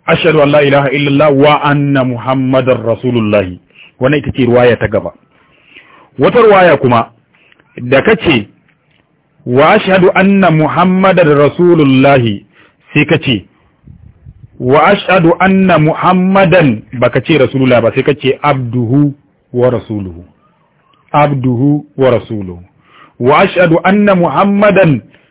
ashadu an la ilaha illallah wa anna muhammadan rasulullahi wannan ita ce ruwaya ta gaba wata ruwaya kuma da ka ce wa ashadu anna muhammadan rasulullahi sai ka ce wa ashadu anna muhammadan ka ce rasulullah ba sai ka ce abduhu wa rasuluhu abduhu wa rasuluhu wa ashhadu anna muhammadan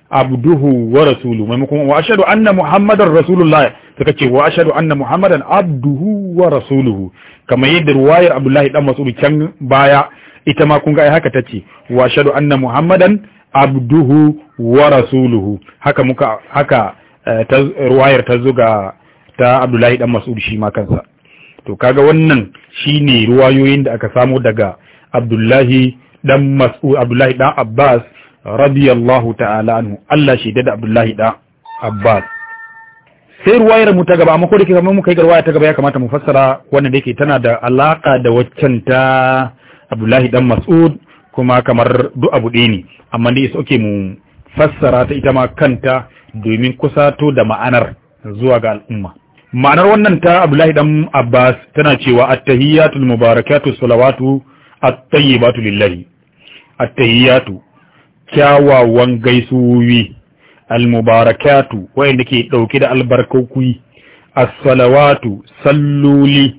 abduhu wa rasuluhu maimakon wa ashhadu anna muhammadan rasulullah suka ce wa ashhadu anna muhammadan abduhu wa rasuluhu kamar yadda ruwayar abdullahi dan mas'ud can baya ita ma kun ga ai haka tace wa ashhadu anna muhammadan abduhu wa rasuluhu haka muka haka eh, ruwayar ta zuga ta abdullahi dan mas'ud shi ma kansa to kaga wannan shine ruwayoyin da aka samu daga abdullahi dan mas'ud abdullahi dan abbas radiyallahu ta'ala anhu Allah shi da abdullahi dan abbas sai ruwayar mu ta gaba amma ko da ke mun kai garwaya ta gaba ya kamata mu fassara wannan da yake tana da alaka da waccan ta abdullahi dan mas'ud kuma kamar duk abu ɗaya ne amma dai isa oke mu fassara ta ita ma kanta domin kusato da ma'anar zuwa ga al'umma ma'anar wannan ta abdullahi dan abbas tana cewa at-tahiyatul mubarakatu salawatu at-tayyibatu lillahi at-tayyatu kyawawan gaisuwi al-mubarakatu wayanda ke dauke da albarkokuyi as-salawatu salluli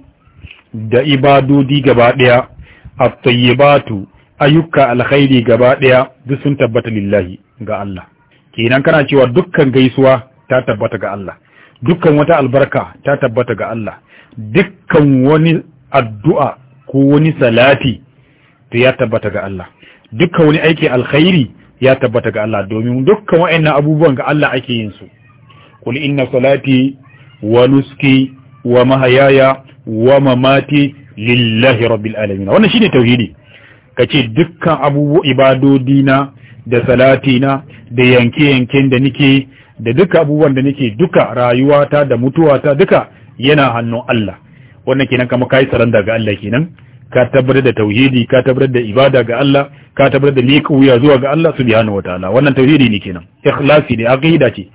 da ibadodi gaba daya at-tayyibatu ayyuka alkhairi gaba daya duk sun tabbata lillahi ga Allah kenan kana cewa dukkan gaisuwa ta tabbata ga Allah dukkan wata albarka ta tabbata ga Allah dukkan wani addu'a ko wani salati to ya tabbata ga Allah dukkan wani aiki alkhairi ya tabbata ga Allah domin dukkan wa'annan abubuwan ga Allah ake yin su qul inna salati wa wa mahayaya wa mamati lillahi rabbil alamin wannan shine tauhidi kace dukkan abubuwa ibadodina da salatina da yanke-yanken da nike da duka abubuwan da nike duka rayuwata da mutuwata duka yana hannun Allah wannan kenan kama kai saranda ga Allah kenan ka tabbatar da tauhidi ka tabbatar da ibada ga Allah ka tabbatar da liƙa wuya zuwa ga Allah subhanahu wataala wannan tauhidi ne kenan ikhlasi ne aqida ce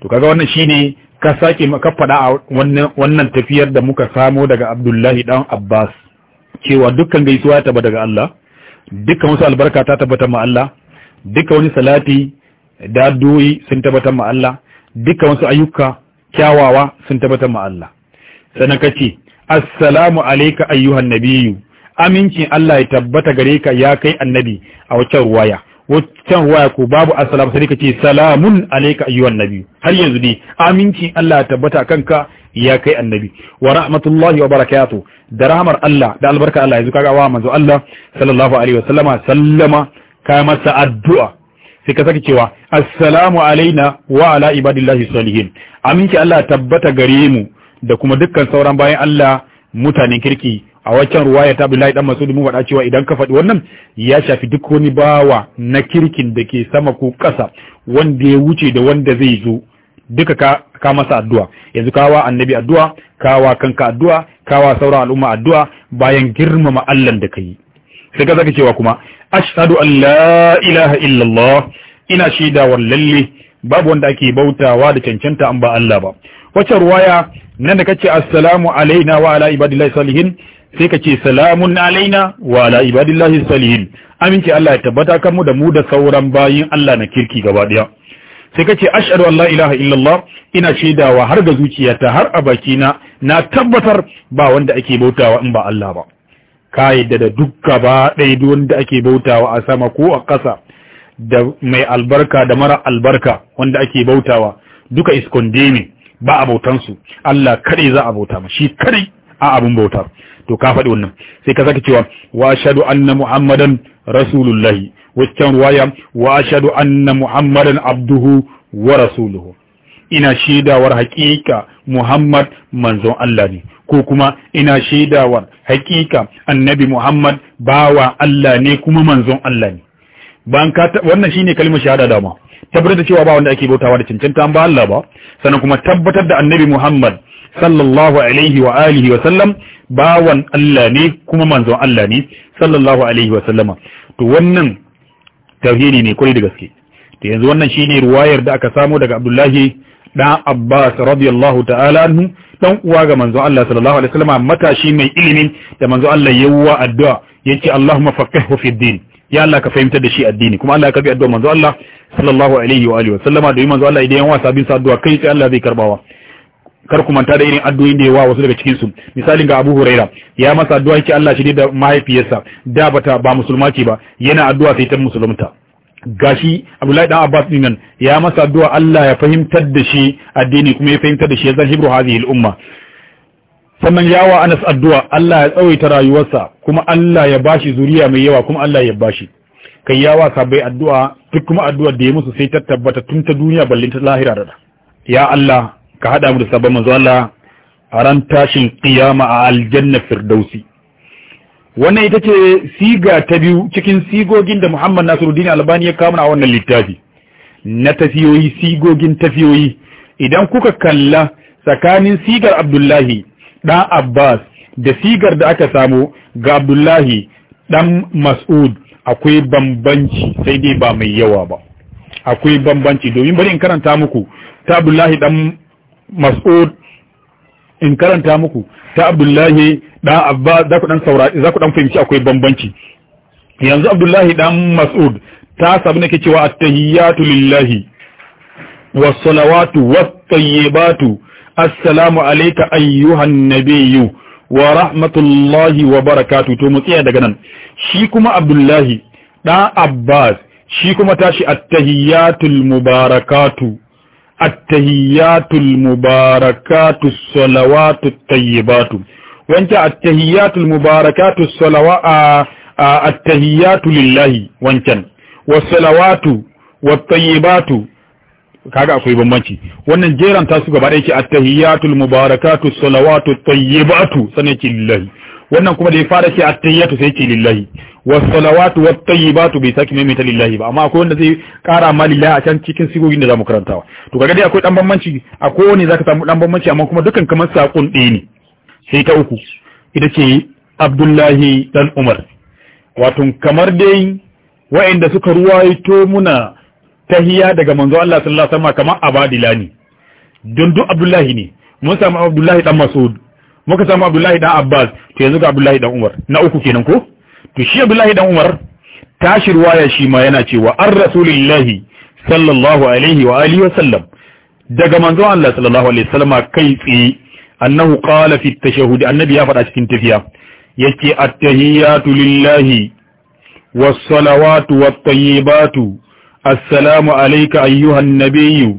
to kaga wannan shine ka sake ka faɗa a wannan wannan tafiyar da muka samo daga Abdullahi dan Abbas cewa dukkan gaisuwa ta daga Allah dukkan wasu albarka ta tabbata ma Allah dukkan wani salati da addu'o'i sun tabbata ma Allah dukkan wasu ayyuka kyawawa sun tabbata ma Allah sannan kace assalamu alayka ayyuhan nabiyyu amincin Allah ya tabbata gare ka ya kai annabi a wacce ruwaya waccan ruwaya ko babu assalamu sai ka ce salamun alayka ayyuhan nabiyyu har yanzu dai amincin Allah ya tabbata kanka ya kai annabi wa rahmatullahi wa barakatuh da rahmar Allah da albarka Allah yanzu kaga wa manzo Allah sallallahu alaihi wa sallama sallama ka masa addu'a sai ka saki cewa assalamu alaina wa ala ibadillahi salihin aminci Allah tabbata gare mu da kuma dukkan sauran bayan Allah mutanen kirki a waccan ruwaya ta Abdullahi dan masu mu faɗa cewa idan ka faɗi wannan ya shafi duk wani bawa na kirkin da ke sama ko ƙasa wanda ya wuce da wanda zai zo duka ka ka masa addu'a yanzu kawa annabi addu'a kawa kanka addu'a kawa sauran al'umma addu'a bayan girmama Allah da kai sai ka zaka cewa kuma ashhadu an la ilaha illallah ina shaida lalle babu wanda ake bautawa da cancanta an ba Allah ba wacce ruwaya nan da kace assalamu alaina wa ala ibadillahi salihin sai kace salamun alaina wa ala ibadillahi salihin aminci Allah ya tabbata kanmu da mu da sauran bayin Allah na kirki gaba daya sai kace ashhadu an la ilaha illallah ina shaidawa har ga zuciyata har a bakina na tabbatar ba wanda ake bautawa in ba Allah ba ka yadda da duk gaba ɗaya duk wanda ake bautawa a sama ko a ƙasa da mai albarka da mara albarka wanda ake bautawa duka iskonde ne ba abotansu Allah kare za a bauta ma shi kare a abin bauta to ka faɗi wannan sai ka sake cewa wa ashhadu anna muhammadan rasulullahi wacce ruwaya wa ashhadu anna muhammadan abduhu wa rasuluhu ina shaidawar haƙiƙa muhammad manzon Allah ne ko kuma ina shaidawar haƙiƙa annabi muhammad bawa Allah ne kuma manzon Allah ne ban ka wannan shine kalmar shahada dama tabbatar da cewa ba wanda ake bautawa da cancanta an ba Allah ba sannan kuma tabbatar da annabi Muhammad sallallahu alaihi wa alihi wa sallam bawan Allah ne kuma manzon Allah ne sallallahu alaihi wa sallama to wannan tauhidi ne kuri da gaske to yanzu wannan shine ruwayar da aka samu daga Abdullahi dan Abbas radiyallahu ta'ala anhu dan uwa ga manzon Allah sallallahu alaihi wa sallama matashi mai ilimin da manzon Allah yawa addu'a yace Allahumma faqihhu fid din ya Allah ka fahimtar da shi addini kuma Allah ya karbi addu'a manzo Allah sallallahu alaihi wa alihi wa sallama da manzo Allah idan yawa sabin sa addu'a kai sai Allah zai karbawa kar ku manta da irin addu'o'in da yawa wasu daga cikin su misalin ga Abu Huraira ya masa addu'a yake Allah shi da mahaifiyarsa da bata ba musulma ce ba yana addu'a sai ta musulunta gashi Abdullahi dan Abbas din nan ya masa addu'a Allah ya fahimtar da shi addini kuma ya fahimtar da shi ya zan hibru hadhihi al-umma sannan yawa Anas addu'a Allah ya tsawaita rayuwarsa kuma Allah ya bashi zuriya mai yawa kuma Allah ya bashi kai yawa sabai addu'a duk kuma addu'a da ya musu sai ta tabbata tun ta duniya ballin ta lahira da ya Allah ka hada mu da sabon manzo Allah a ran tashin qiyama a aljanna firdausi wannan ita ce siga ta biyu cikin sigogin da Muhammad Nasiruddin Albani ya kawo a wannan littafi na tafiyoyi sigogin tafiyoyi idan kuka kalla tsakanin sigar Abdullahi ɗan Abbas da sigar da aka samu ga Abdullahi ɗan Mas'ud akwai bambanci sai dai ba mai yawa ba akwai bambanci domin bari in karanta muku ta Abdullahi ɗan Mas'ud in karanta muku ta Abdullahi ɗan Abbas za ku ɗan saurari za ku ɗan fahimci akwai bambanci yanzu Abdullahi ɗan Mas'ud ta sabu nake cewa at-tahiyyatu lillahi was-salawatu wat-tayyibatu assalamu alaika ayyuhan nabiyyu wa rahmatullahi wa barakatu to mu tsaya daga nan shi kuma abdullahi ɗan abbas shi kuma tashi attahiyatul mubarakatu attahiyatul mubarakatu salawatu tayyibatu wanta attahiyatul mubarakatu salawa attahiyatu lillahi wancan wa wattayyibatu kaga akwai bambanci wannan jeran ta su gaba da yake attahiyatul mubarakatu salawatu tayyibatu sanaki lillahi wannan kuma da ya fara ce attahiyatu sai ce lillahi was salawatu wat tayyibatu bai saki mai lillahi ba amma akwai wanda zai kara ma lillahi a can cikin sigogin da zamu karantawa to kaga dai akwai dan bambanci akwai wani zaka samu dan bambanci amma kuma dukan kamar sakon ɗaya ne sai ta uku ita ce Abdullahi dan Umar wato kamar dai wa'inda suka ruwaito muna tahiya daga manzo Allah sallallahu alaihi wasallam kamar abadilani don duk Abdullahi ne mun samu Abdullahi dan Mas'ud muka samu Abdullahi dan Abbas to yanzu ga Abdullahi dan Umar na uku kenan ko to shi Abdullahi dan Umar tashi ruwaya shi ma yana cewa ar rasulillahi sallallahu alaihi wa alihi wa sallam daga manzo Allah sallallahu alaihi wasallam kai tsi annahu qala fi tashahhud annabi ya faɗa cikin tafiya yace at-tahiyatu lillahi was-salawatu wat-tayyibatu السلام عليك أيها النبي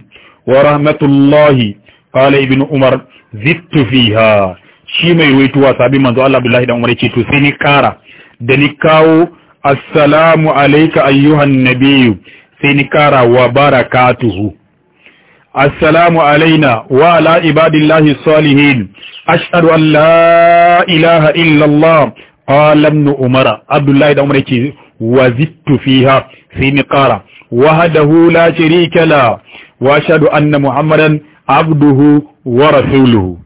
ورحمة الله قال ابن عمر زدت فيها shi mai ruwaituwa sabi manzo Allah Abdullahi dan Umar ce to kara da ni kawo assalamu ayyuhan nabiyu. sai ni wa barakatuhu assalamu alaina wa ala ibadillahi salihin ashhadu an Umar wa وزدت فيها في مقارة وحده لا شريك له واشهد أن abduhu, عبده ورسوله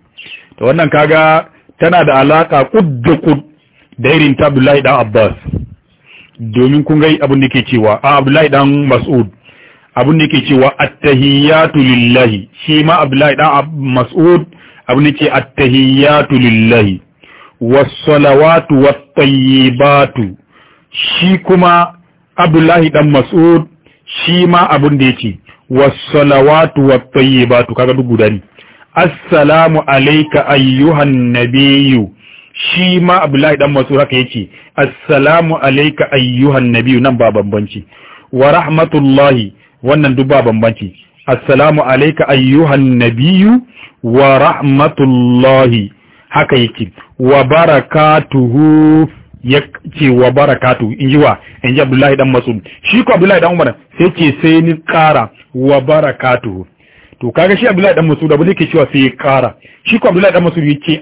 to wannan kaga tana da alaka kuddukud da irin ta Abdullahi dan Abbas domin kun ga abin da yake cewa a Abdullahi dan Mas'ud abin da yake cewa at-tahiyatu lillahi shi ma Abdullahi dan Mas'ud abin da yake at-tahiyatu lillahi was-salawatu wat-tayyibatu shi kuma abdullahi dan mas'ud shi ma abin da yake wassalawatu wattayyibatu kaga duk guda ne assalamu alayka ayyuhan nabiyyu shi ma abdullahi dan mas'ud haka yake assalamu alayka ayyuhan nabiyyu nan ba bambanci wa rahmatullahi wannan duk ba bambanci assalamu alayka ayyuhan nabiyyu wa rahmatullahi haka yake wa barakatuhu ya ce wa barakatu in ji wa in ji abdullahi dan masud shi ko abdullahi dan umar sai ce sai ni kara wa barakatu to kaga shi abdullahi dan masud abu ne ke cewa sai kara shi ko abdullahi dan masud yace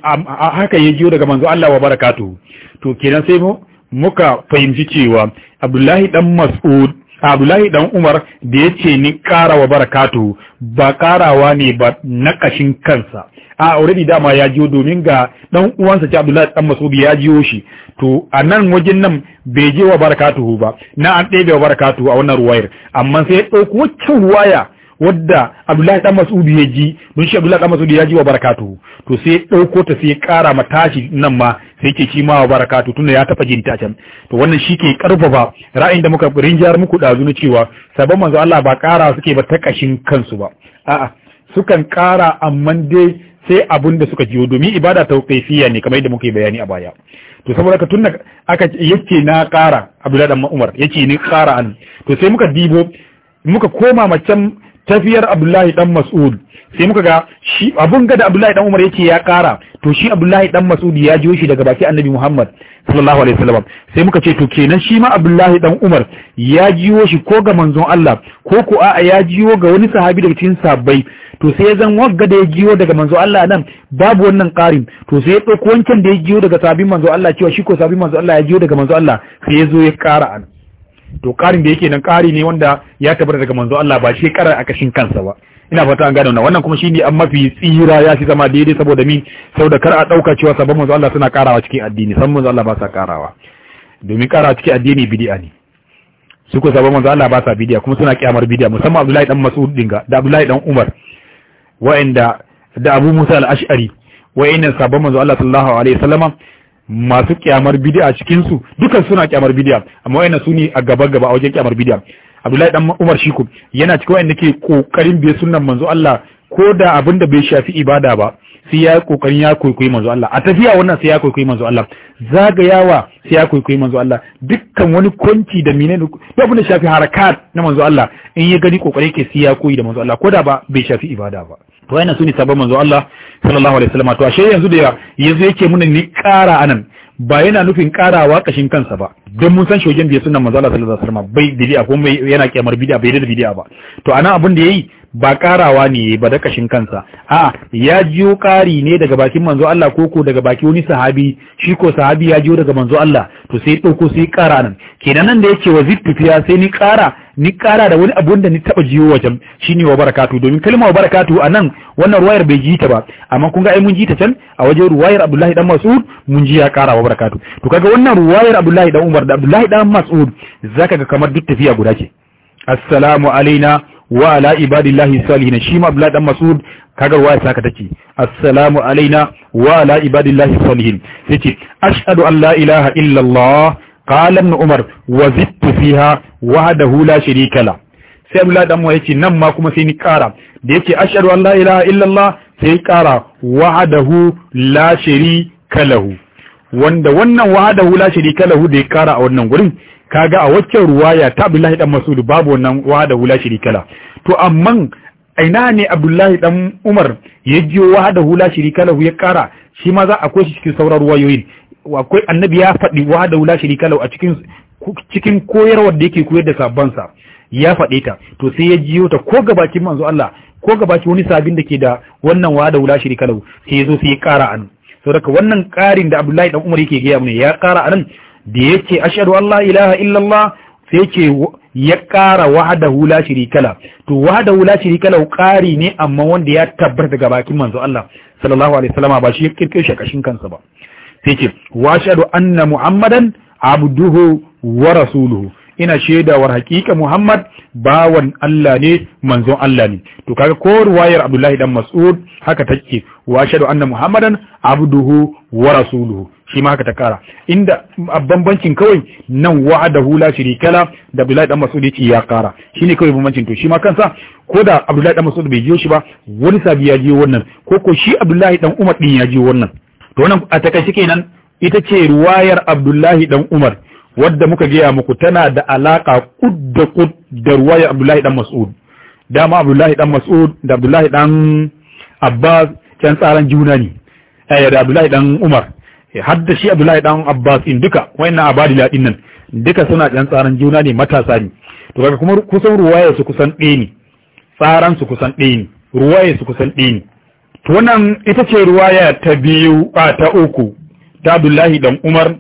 haka ya jiyo daga manzo Allah wa barakatu to kenan sai mu muka fahimci cewa abdullahi dan masud abdullahi dan umar da yace ni kara wa barakatu ba karawa ne ba na kashin kansa a already dama ya jiyo domin ga dan uwansa ci Abdullahi dan Mas'ud ya jiyo shi to a nan wajen nan bai je wa barakatuhu ba na an ɗebe wa barakatuhu a wannan ruwayar amma sai ya ɗauko waccan ruwaya wadda Abdullahi dan Mas'ud ya ji don shi Abdullahi dan Mas'ud ya ji wa barakatuhu to sai ya ɗauko ta sai ya ƙara ma tashi nan ma sai ke shi ma wa barakatu tunda ya taɓa jin can to wannan shi ke ƙarfafa ra'ayin da muka rinjar muku ɗazu na cewa sabon manzo Allah ba ƙara suke ba ta ƙashin kansu ba a'a sukan ƙara amma dai sai abun da suka jiyo domin ibada ta tauqifiyya ne kamar yadda muke bayani a baya to saboda ka tunna aka yace na ƙara Abdullahi dan Umar yace ni kara an to sai muka dibo muka koma macen tafiyar Abdullahi dan Mas'ud sai muka ga shi abun gada Abdullahi dan Umar yake ya kara to shi Abdullahi dan Mas'udi ya jiyo shi daga baki Annabi Muhammad sallallahu alaihi wasallam sai muka ce to kenan shi ma Abdullahi dan Umar ya jiyo shi ko ga manzon Allah ko ko a'a ya jiyo ga wani sahabi daga cikin sabbai to sai ya zan wagga da ya jiyo daga manzo Allah nan babu wannan ƙarin to sai ya ɗauko wancan da ya jiyo daga sabin manzo Allah cewa shi ko sabin manzo Allah ya jiyo daga manzo Allah sai ya zo ya ƙara an to ƙarin da yake nan ƙari ne wanda ya tabbata daga manzo Allah ba shi karar a kashin kansa ba ina fata an gane wannan wannan kuma shine an mafi tsira ya shi zama daidai saboda mi saboda kar a dauka cewa sabon manzo Allah suna karawa cikin addini san manzo Allah ba sa karawa domin karawa cikin addini bid'a ne su ko sabon manzo Allah ba sa bid'a kuma suna kiyamar bid'a musamman Abdullahi dan Mas'ud dinga da Abdullahi dan Umar wa'inda da Abu Musa al-Ash'ari wa'inda sabon manzo Allah sallallahu alaihi wasallama masu kiyamar bid'a cikin su dukan suna kiyamar bid'a amma wayannan su ne a gaba gaba a wajen kiyamar bid'a abdullahi dan umar shi yana cikin wanda ke kokarin biye sunnan manzo Allah ko da abin da bai shafi ibada ba sai ya kokarin ya koyi manzo Allah a tafiya wannan sai ya koyi manzo Allah zagayawa sai ya koyi manzo Allah dukkan wani kunci da mine duk abin da shafi harakat na manzo Allah in ya gani kokari ke sai ya koyi da manzo Allah ko da ba bai shafi ibada ba to wayannan sune sabon manzo Allah sallallahu alaihi wasallam to ashe yanzu da yanzu yake muna ni kara anan ba yana nufin karawa kashin kansa ba don mun san shogen bai sunan manzo Allah sallallahu alaihi wasallam bai bid'a ko mai yana kiyamar bai da bid'a ba to anan abin da ya yi ba karawa ne ba da kashin kansa a'a ya jiyo kari ne daga bakin manzo Allah ko ko daga baki wani sahabi shi ko sahabi ya jiyo daga manzo Allah to sai dauko sai kara nan kenan nan da ya yake wa fiya sai ni kara ni kara da wani abun da ni taba jiyo wajen shine wa barakatu domin kalma wa barakatu anan wannan ruwayar bai ji ta ba amma kun ga ai mun ji ta can a wajen ruwayar Abdullahi dan Mas'ud mun ji ya kara wa barakatu to kaga wannan ruwayar Abdullahi dan Umar da Abdullahi dan Mas'ud zaka ga kamar duk tafiya guda ce assalamu alaina wa ala ibadillahi salihin shi ma Abdullahi dan Mas'ud kaga ruwaya saka take assalamu alaina wa ala ibadillahi salihin sai ce ashhadu an la ilaha illallah qala umar wa zittu fiha wahdahu la sharika la sai abdullahi dan mu yace nan ma kuma sai ni kara da yake ashhadu an la ilaha illallah sai kara wahdahu la sharika lahu wanda wannan wahdahu la sharika lahu da ya kara a wannan gurin kaga a waccan ruwaya ta abdullahi dan mas'ud babu wannan wahdahu la sharika la to amma aina ne abdullahi dan umar ya jiyo wahdahu la sharika lahu ya kara shi ma za a koshi cikin sauran ruwayoyin akwai annabi ya faɗi wa da wula shirika lau a cikin cikin koyarwar da yake koyar da sabbansa ya faɗe ta to sai ya jiyo ta ko gabakin manzo Allah ko gabakin wani sabin da ke da wannan wa da wula shirika lau sai ya zo sai ya ƙara anan sau daga wannan ƙarin da Abdullahi dan Umar yake gaya mana ya ƙara anan da yake ashhadu an la ilaha illallah sai yake ya ƙara wahada hula shirikala to wahada hula shirikala ƙari ne amma wanda ya tabbata daga bakin manzo Allah sallallahu alaihi wasallam ba shi ya kirkire shi kashin kansa ba sai ce wa ashhadu anna muhammadan abduhu wa rasuluhu ina shaidawar hakika muhammad bawan Allah ne manzon Allah ne to kaga ko ruwayar abdullahi dan mas'ud haka take wa ashhadu anna muhammadan abduhu wa rasuluhu shi ma haka ta kara inda bambancin kawai nan hula shiri shirikala da Abdullahi dan Mas'ud yace ya kara shine kawai bambancin to shi ma kansa ko da Abdullahi dan Mas'ud bai jiyo shi ba wani sabi ya je wannan ko ko shi Abdullahi dan Umar din ya je wannan to wannan a takaice kenan ita ce ruwayar Abdullahi dan Umar wadda muka gaya muku tana da alaka kud da kud da ruwayar Abdullahi dan Mas'ud dama Abdullahi dan Mas'ud da Abdullahi dan Abbas can tsaran juna ne eh da Abdullahi dan Umar eh, har da shi Abdullahi dan Abbas in duka wayannan abadi din nan duka suna can tsaran juna ne matasa ne to kaga kuma kusan ruwayar su kusan ɗaya ne tsaran su kusan ɗaya ne ruwayar su kusan ɗaya ne wannan ita ce ruwaya ta biyu a ta uku ta Abdullahi dan Umar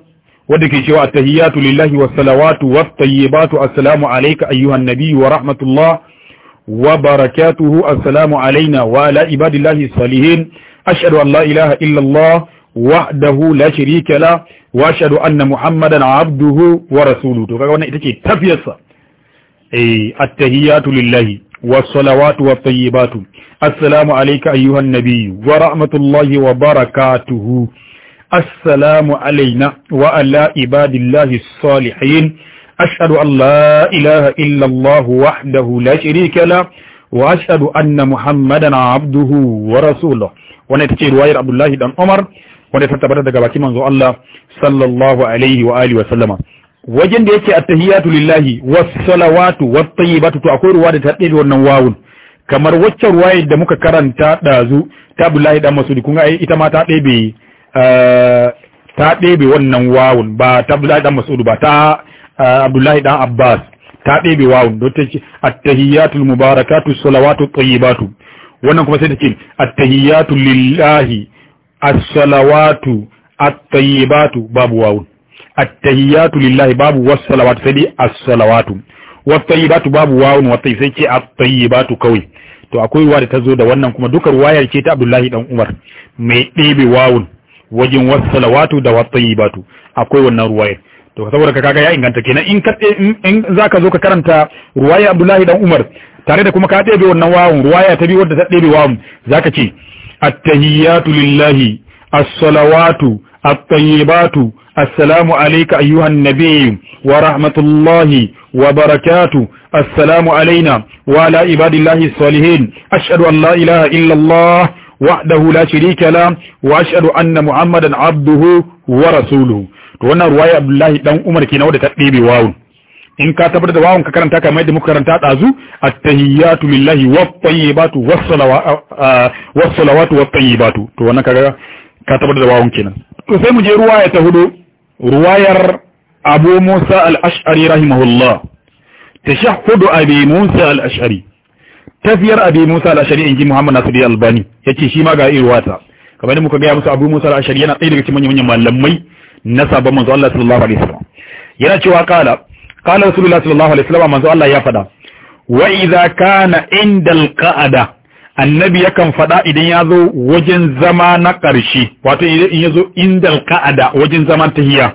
wadda ke cewa attahiyatu lillahi was salawatu was tayyibatu assalamu alayka ayyuhan nabiy wa rahmatullah wa barakatuhu assalamu alayna wa ala ibadillahi salihin ashhadu an la ilaha illa Allah wahdahu la sharika la wa ashhadu anna muhammadan abduhu wa rasuluhu to kaga wannan ita ce tafiyarsa eh attahiyatu lillahi والصلوات والطيبات السلام عليك أيها النبي ورحمة الله وبركاته السلام علينا وعلى عباد الله الصالحين أشهد أن لا إله إلا الله وحده لا شريك له وأشهد أن محمدا عبده ورسوله ونتشير واير عبد الله بن عمر ونتتبرد قباتي منذ الله صلى الله عليه وآله وسلم wajen da yake attahiyatu lillahi was-salawatu wat-tayyibatu to akwai ruwa da ta dade wannan wawun kamar waccan ruwayar da muka karanta dazu ta Abdullahi dan Masudi kun ga ita ma ta ɗebe eh, ta dade wannan wawun ba ta Abdullahi dan Masudi ba ta eh, Abdullahi dan Abbas ta ɗebe wawun don ta ce attahiyatul mubarakatu salawatu tayyibatu wannan kuma sai ta ce attahiyatu lillahi as-salawatu at-tayyibatu babu wawun attahiyatu lillahi babu wassalawatu salawatu sai dai as-salawatu babu wawun wat sai ce at kawai to akwai ruwa da ta zo da wannan kuma duka ruwayar ce ta Abdullahi dan Umar mai ɗebe wawun wajen wassalawatu salawatu da wat akwai wannan ruwayar to saboda ka kaga ya inganta kenan in ka in zaka zo ka karanta ruwayar Abdullahi dan Umar tare da kuma ka ɗebe wannan wawun ruwaya ta biyu wadda ta ɗebe wawun zaka ce attahiyatu lillahi as-salawatu الطيبات السلام عليك أيها النبي ورحمة الله وبركاته السلام علينا وعلى عباد الله الصالحين أشهد أن لا إله إلا الله وحده لا شريك له وأشهد أن محمدا عبده ورسوله وانا رواية عبد الله دان عمر كينا ودا تقديبي واو in ka tabbatar da wawon ka karanta kamar yadda muka karanta dazu at-tahiyyatu lillahi wat-tayyibatu was-salawatu was-salawatu wat-tayyibatu to wannan kaga ka tabbatar da wawun kenan to sai mu je ruwaya ta hudu ruwayar abu musa al-ash'ari rahimahullah tashahhudu abi musa al-ash'ari tafiyar abi musa al-ash'ari inji muhammad nasiru albani yace shi ma ga irwata kamar da muka ga musu abu musa al-ash'ari yana ɗaya daga cikin manyan malamai na sabon manzo Allah sallallahu alaihi wasallam yana cewa kala kala rasulullahi sallallahu alaihi wasallam manzo Allah ya fada wa idza kana indal qa'ada annabi yakan faɗa idan ya zo wajen zama na ƙarshe wato in ya zo inda ka'ada wajen zama ta hiya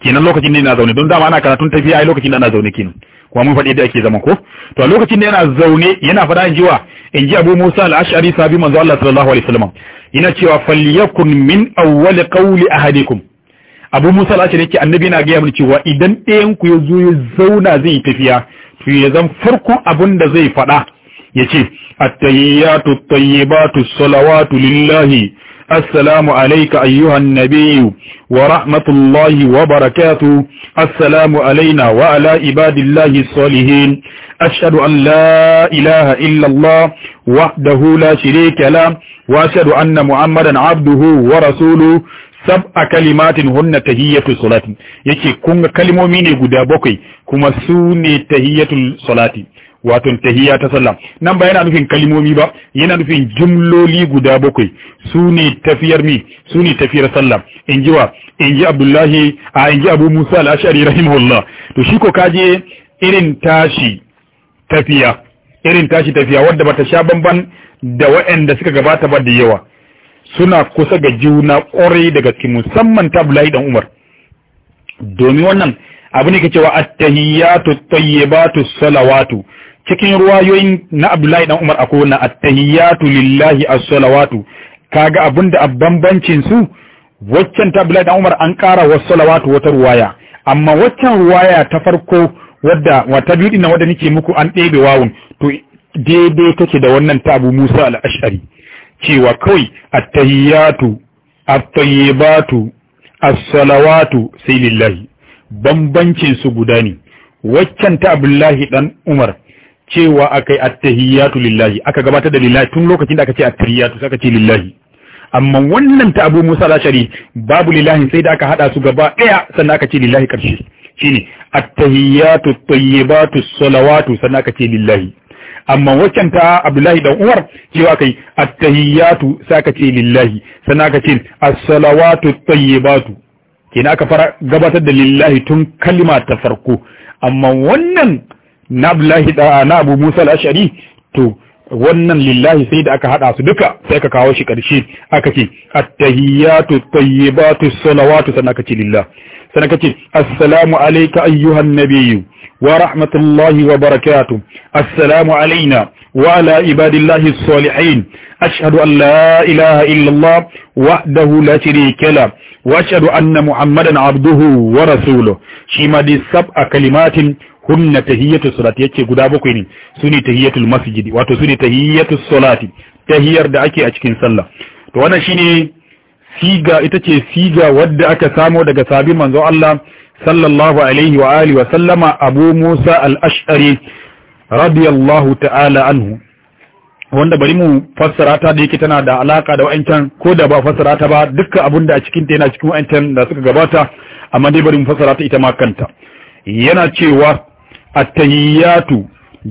kenan lokacin da yana zaune don dama ana karatun tafiya ai lokacin da ana zaune kenan kuma mun faɗi yadda ake zama ko to a lokacin da yana zaune yana faɗa in jiwa in ji Abu Musa al-Ash'ari sabi manzo Allah sallallahu alaihi wasallam yana cewa falyakun min awwal qawli ahadikum Abu Musa al-Ash'ari yake annabi yana ga mun cewa idan ɗayan ku ya zo ya zauna zai tafiya to ya zan farkon abin da zai faɗa yace attayyatu at-tayyibatu as-salawatu lillahi asalamu alayka ayyuhan nabiy wa rahmatullahi wa barakatu asalamu alaina wa ala ibadillahi as-salihin ashhadu an la ilaha illa allah wahdahu la sharika la wa ashhadu anna muhammadan abduhu wa rasuluhu sab a kalimatin hunna tahiyyatul salati yake kun kalmomi ne guda bakwai kuma su ne tahiyyatul salati wato tahiyya ta sallah nan ba yana nufin kalimomi ba yana nufin jumloli guda bakwai su ne tafiyar mi su ne tafiyar sallah in ji wa in ji abdullahi a in ji abu musa al-ashari rahimahullah to shi ko kaje irin tashi tafiya irin tashi tafiya wadda bata sha bamban da waɗanda suka gabata ba da yawa suna kusa ga juna ƙwarai daga cikin musamman ta Abdullahi dan Umar domin wannan abu ne ke cewa at-tahiyyatu at-tayyibatu salawatu cikin ruwayoyin na Abdullahi dan Umar akwai wannan attahiyatu lillahi as-salawatu kaga abinda a bambancin su waccan ta Abdullahi dan Umar an kara was salawatu wata ruwaya amma waccan ruwaya ta farko wadda wata biyu dinnan wadda nake muku an ɗebe wawun to daidai take da wannan ta Abu Musa al-Ash'ari cewa kawai attahiyatu at-tayyibatu as-salawatu sai lillahi bambancin su guda ne waccan ta Abdullahi dan Umar cewa akai attahiyatu lillahi aka gabatar da lillahi tun lokacin da aka ce attahiyatu sai ce lillahi amma wannan ta Abu Musa al shari babu lillahi sai da aka hada su gaba daya sannan aka ce lillahi karshe shine attahiyatu at-tayyibatu salawatu sannan aka ce lillahi amma waccan ta Abdullahi dan Umar cewa kai attahiyatu sai aka ce lillahi sannan aka ce as-salawatu at-tayyibatu kenan aka fara gabatar da lillahi tun kalma ta farko amma wannan na Abdullahi na Abu Musa al-Ash'ari to wannan lillahi sai da aka hada su duka sai ka kawo shi karshe aka ce at-tahiyatu tayyibatu salawatu sannan ce lillah sannan ce assalamu alayka ayyuhan nabiyyu wa rahmatullahi wa barakatuh assalamu alayna wa ala ibadillahi as-salihin ashhadu an la ilaha illa allah wahdahu la sharika la wa ashhadu anna muhammadan abduhu wa rasuluhu shi ma di sab'a kalimatin kunna tahiyatu salati yace guda bakwai ne sune tahiyatul masjidi wato sune tahiyatu salati tahiyar da ake a cikin sallah to wannan shine siga ita ce siga wadda aka samo daga sabi manzo Allah sallallahu alaihi wa alihi wa sallama Abu Musa al-Ash'ari radiyallahu ta'ala anhu wanda bari mu fassara ta da yake tana da alaka da wa'ancan ko da ba fassara ta ba dukkan abin da a cikin ta yana cikin wa'ancan da suka gabata amma dai bari mu fassara ta ita ma kanta yana cewa attahiyatu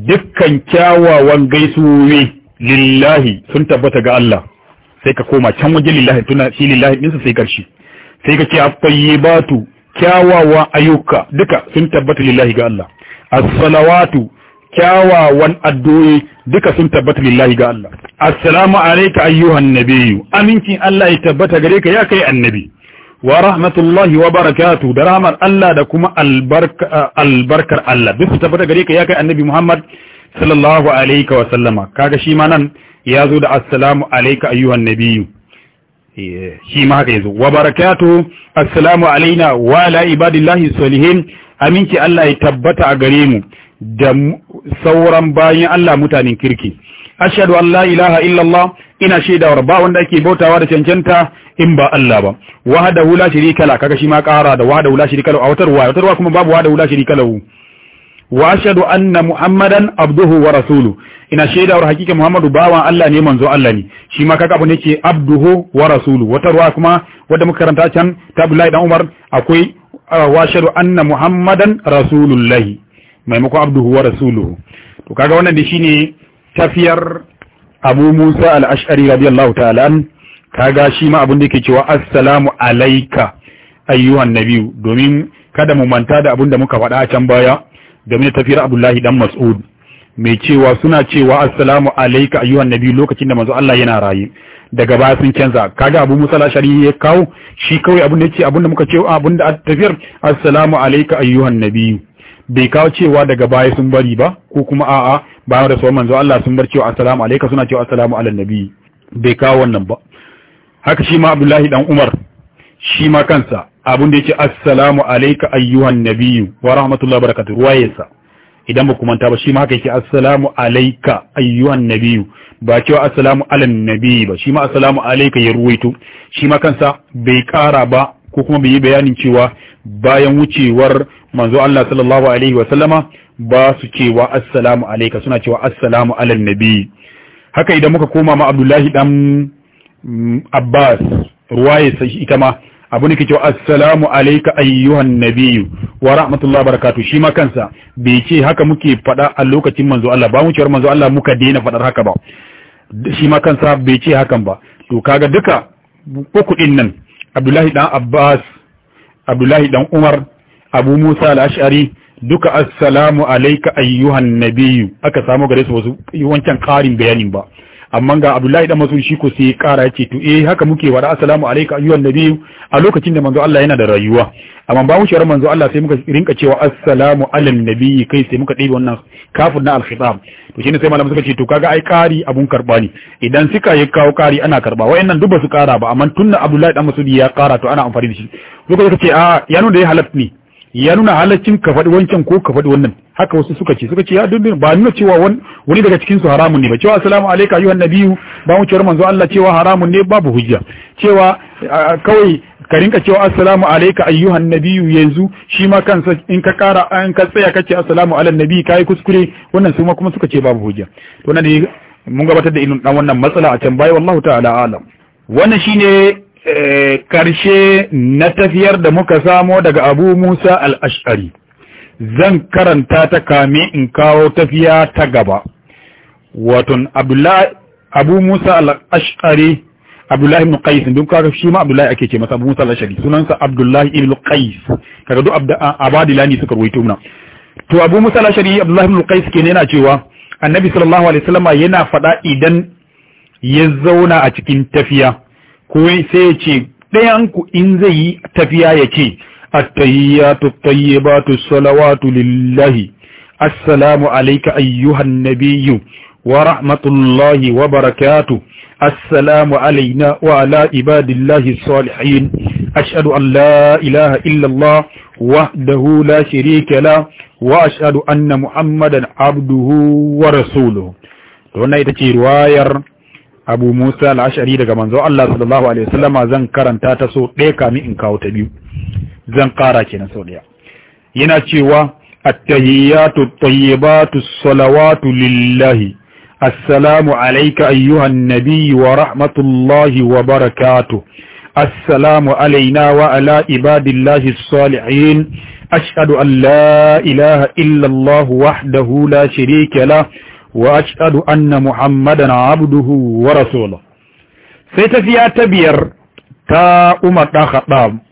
dukkan kyawawan gaisuwoyi lillahi sun tabbata ga Allah sai ka koma can waje lillahi tuna shi lillahi din sai karshe sai ka ce attayyibatu kyawawan ayyuka duka sun tabbata lillahi ga Allah as-salawatu kyawawan addu'o'i duka sun tabbata lillahi ga Allah assalamu alayka ayyuhan nabiyyu amincin Allah ya tabbata gare ka ya kai annabi wa rahmatullahi wa barakatu da rahmar Allah da kuma albarkar Allah duk tabbata gare ka ya kai annabi Muhammad sallallahu alaihi wa sallama kaga shi ma nan ya zo da assalamu alayka ayyuhan nabiyyu eh, shi ma haka yazo wa barakatu assalamu alaina wa ala ibadillahi salihin aminci Allah ya tabbata a gare mu da sauran bayan Allah mutanen kirki ashhadu an la ilaha illallah ina shaidawar ba wanda ake bautawa da cancanta in ba Allah ba wahdahu la sharika la kaga shi ma ƙara da wahdahu la sharika la a watar wa watar wa kuma babu wahdahu la sharika lahu wa ashhadu anna muhammadan abduhu wa rasulu ina shaida war hakika muhammadu bawan Allah ne manzo Allah ne shi ma kaga abu ne abduhu wa rasulu watar wa kuma wanda muka karanta can ta Abdullahi dan Umar akwai wa ashhadu anna muhammadan rasulullahi maimakon abduhu wa rasuluhu to kaga wannan da shine tafiyar Abu Musa al-Ash'ari radiyallahu ta'ala kaga shi ma abin da yake cewa assalamu alaika ayyuhan nabiyu domin kada mu manta da abin da muka faɗa a can baya domin tafiyar abdullahi dan mas'ud mai cewa suna cewa assalamu alaika ayyuhan nabi lokacin da manzo Allah yana raye daga baya sun canza kaga Abu Musa al-Ashari ya kawo shi kawai abin da yace abin da muka ce abin da tafiyar assalamu alaika ayyuhan nabi bai kawo cewa daga baya sun bari ba ko kuma a'a bayan rasuwar manzo Allah sun bar cewa assalamu alaika suna cewa assalamu alan nabi bai kawo wannan ba haka shi ma abdullahi dan umar shi ma kansa abin da yake assalamu alayka ayyuhan nabiyyu wa rahmatullahi wa barakatuh ruwayarsa idan ba manta ba shi ma haka yake assalamu alayka ayyuhan nabiyyu ba cewa assalamu alan nabiyyi ba shi ma assalamu alayka ya ruwaito shi ma kansa bai kara ba ko kuma bai yi bayanin cewa bayan wucewar manzo Allah sallallahu alaihi wa sallama ba su cewa assalamu alayka suna cewa assalamu alan nabiyyi haka idan muka koma ma Abdullahi dan abbas ruwaye sai ita ma abu ne kike assalamu alayka ayyuhan nabiyyu wa rahmatullahi barakatu shi ma kansa bai ce haka muke fada a lokacin manzo Allah ba mu cewar manzo Allah muka daina fadar haka ba shi ma kansa bai ce hakan ba to kaga duka ko din nan Abdullahi dan Abbas Abdullahi dan Umar Abu Musa al-Ash'ari duka assalamu alayka ayyuhan nabiyyu aka samu gare su wasu wancan karin bayanin ba amma ga abdullahi dan masu shi ko sai kara yace to eh haka muke wa assalamu alayka ayyuhan nabiy a lokacin da manzo Allah yana da rayuwa amma ba mu sharar manzo Allah sai muka rinka cewa assalamu alal nabiy kai sai muka dibe wannan kafin na al-khitab to shine sai malamu suka ce to kaga ai kari abun karba ne idan suka yi kawo kari ana karba wayannan duk ba su kara ba amma tunna abdullahi dan masudi ya kara to ana amfani da shi lokacin da ce a ya da ya halatta ne ya nuna halaccin ka faɗi wancan ko ka faɗi wannan haka wasu suka ce suka ce ya dubin ba nuna cewa wani daga cikin su haramun ne ba cewa assalamu alaikum ayyuhan nabiyyu ba mu cewa manzo Allah cewa haramun ne babu hujja cewa kawai ka rinka cewa assalamu alaikum ayyuhan nabiyyu yanzu shi ma kansa in ka kara an ka tsaya kace assalamu alan nabi kai kuskure wannan su ma kuma suka ce babu hujja to nan ne mun gabatar da ilmin dan wannan matsala a can baya wallahu ta'ala alam wannan shine Eh, karshe na tafiyar da muka samo daga abu musa al'ashari zan karanta ta kame in kawo tafiya ta gaba waton abu musa al'ashari abdullahi ibn qais don kaga shi ma abdullahi ake ce masa abu musa al-ashari sunansa abdullahi ibn qais kaga duk abadila ne suka ruwaito muna to abu musa al-ashari abdullahi ibn qais kenan yana cewa annabi sallallahu alaihi wasallam yana fada idan ya zauna a cikin tafiya kuwai sai ce ɗayanku in zai yi tafiya ya ce a tayyatu salawatu lillahi asalamu alayka ayyuhan nabiyyu wa rahmatullahi wa barakatu assalamu alayna wa ala ibadillahi salihin ashhadu an la ilaha illa allah wahdahu la sharika la wa ashhadu anna muhammadan abduhu wa rasuluhu to wannan ita ce riwayar abu musa al-ash'ari daga manzo Allah sallallahu alaihi wasallama zan karanta ta so ɗaya kamin in kawo ta biyu zan ƙara kenan sau ɗaya yana cewa at-tahiyyatu at-tayyibatu as-salawatu lillahi assalamu alayka ayyuhan nabiy wa rahmatullahi wa barakatuh السلام علينا وعلى ibadillahi الله الصالحين أشهد أن la إله illa الله وحده لا شريك له وأشهد أن محمدا عبده ورسوله sai tafiya ta biyar ta umar ɗan haɗam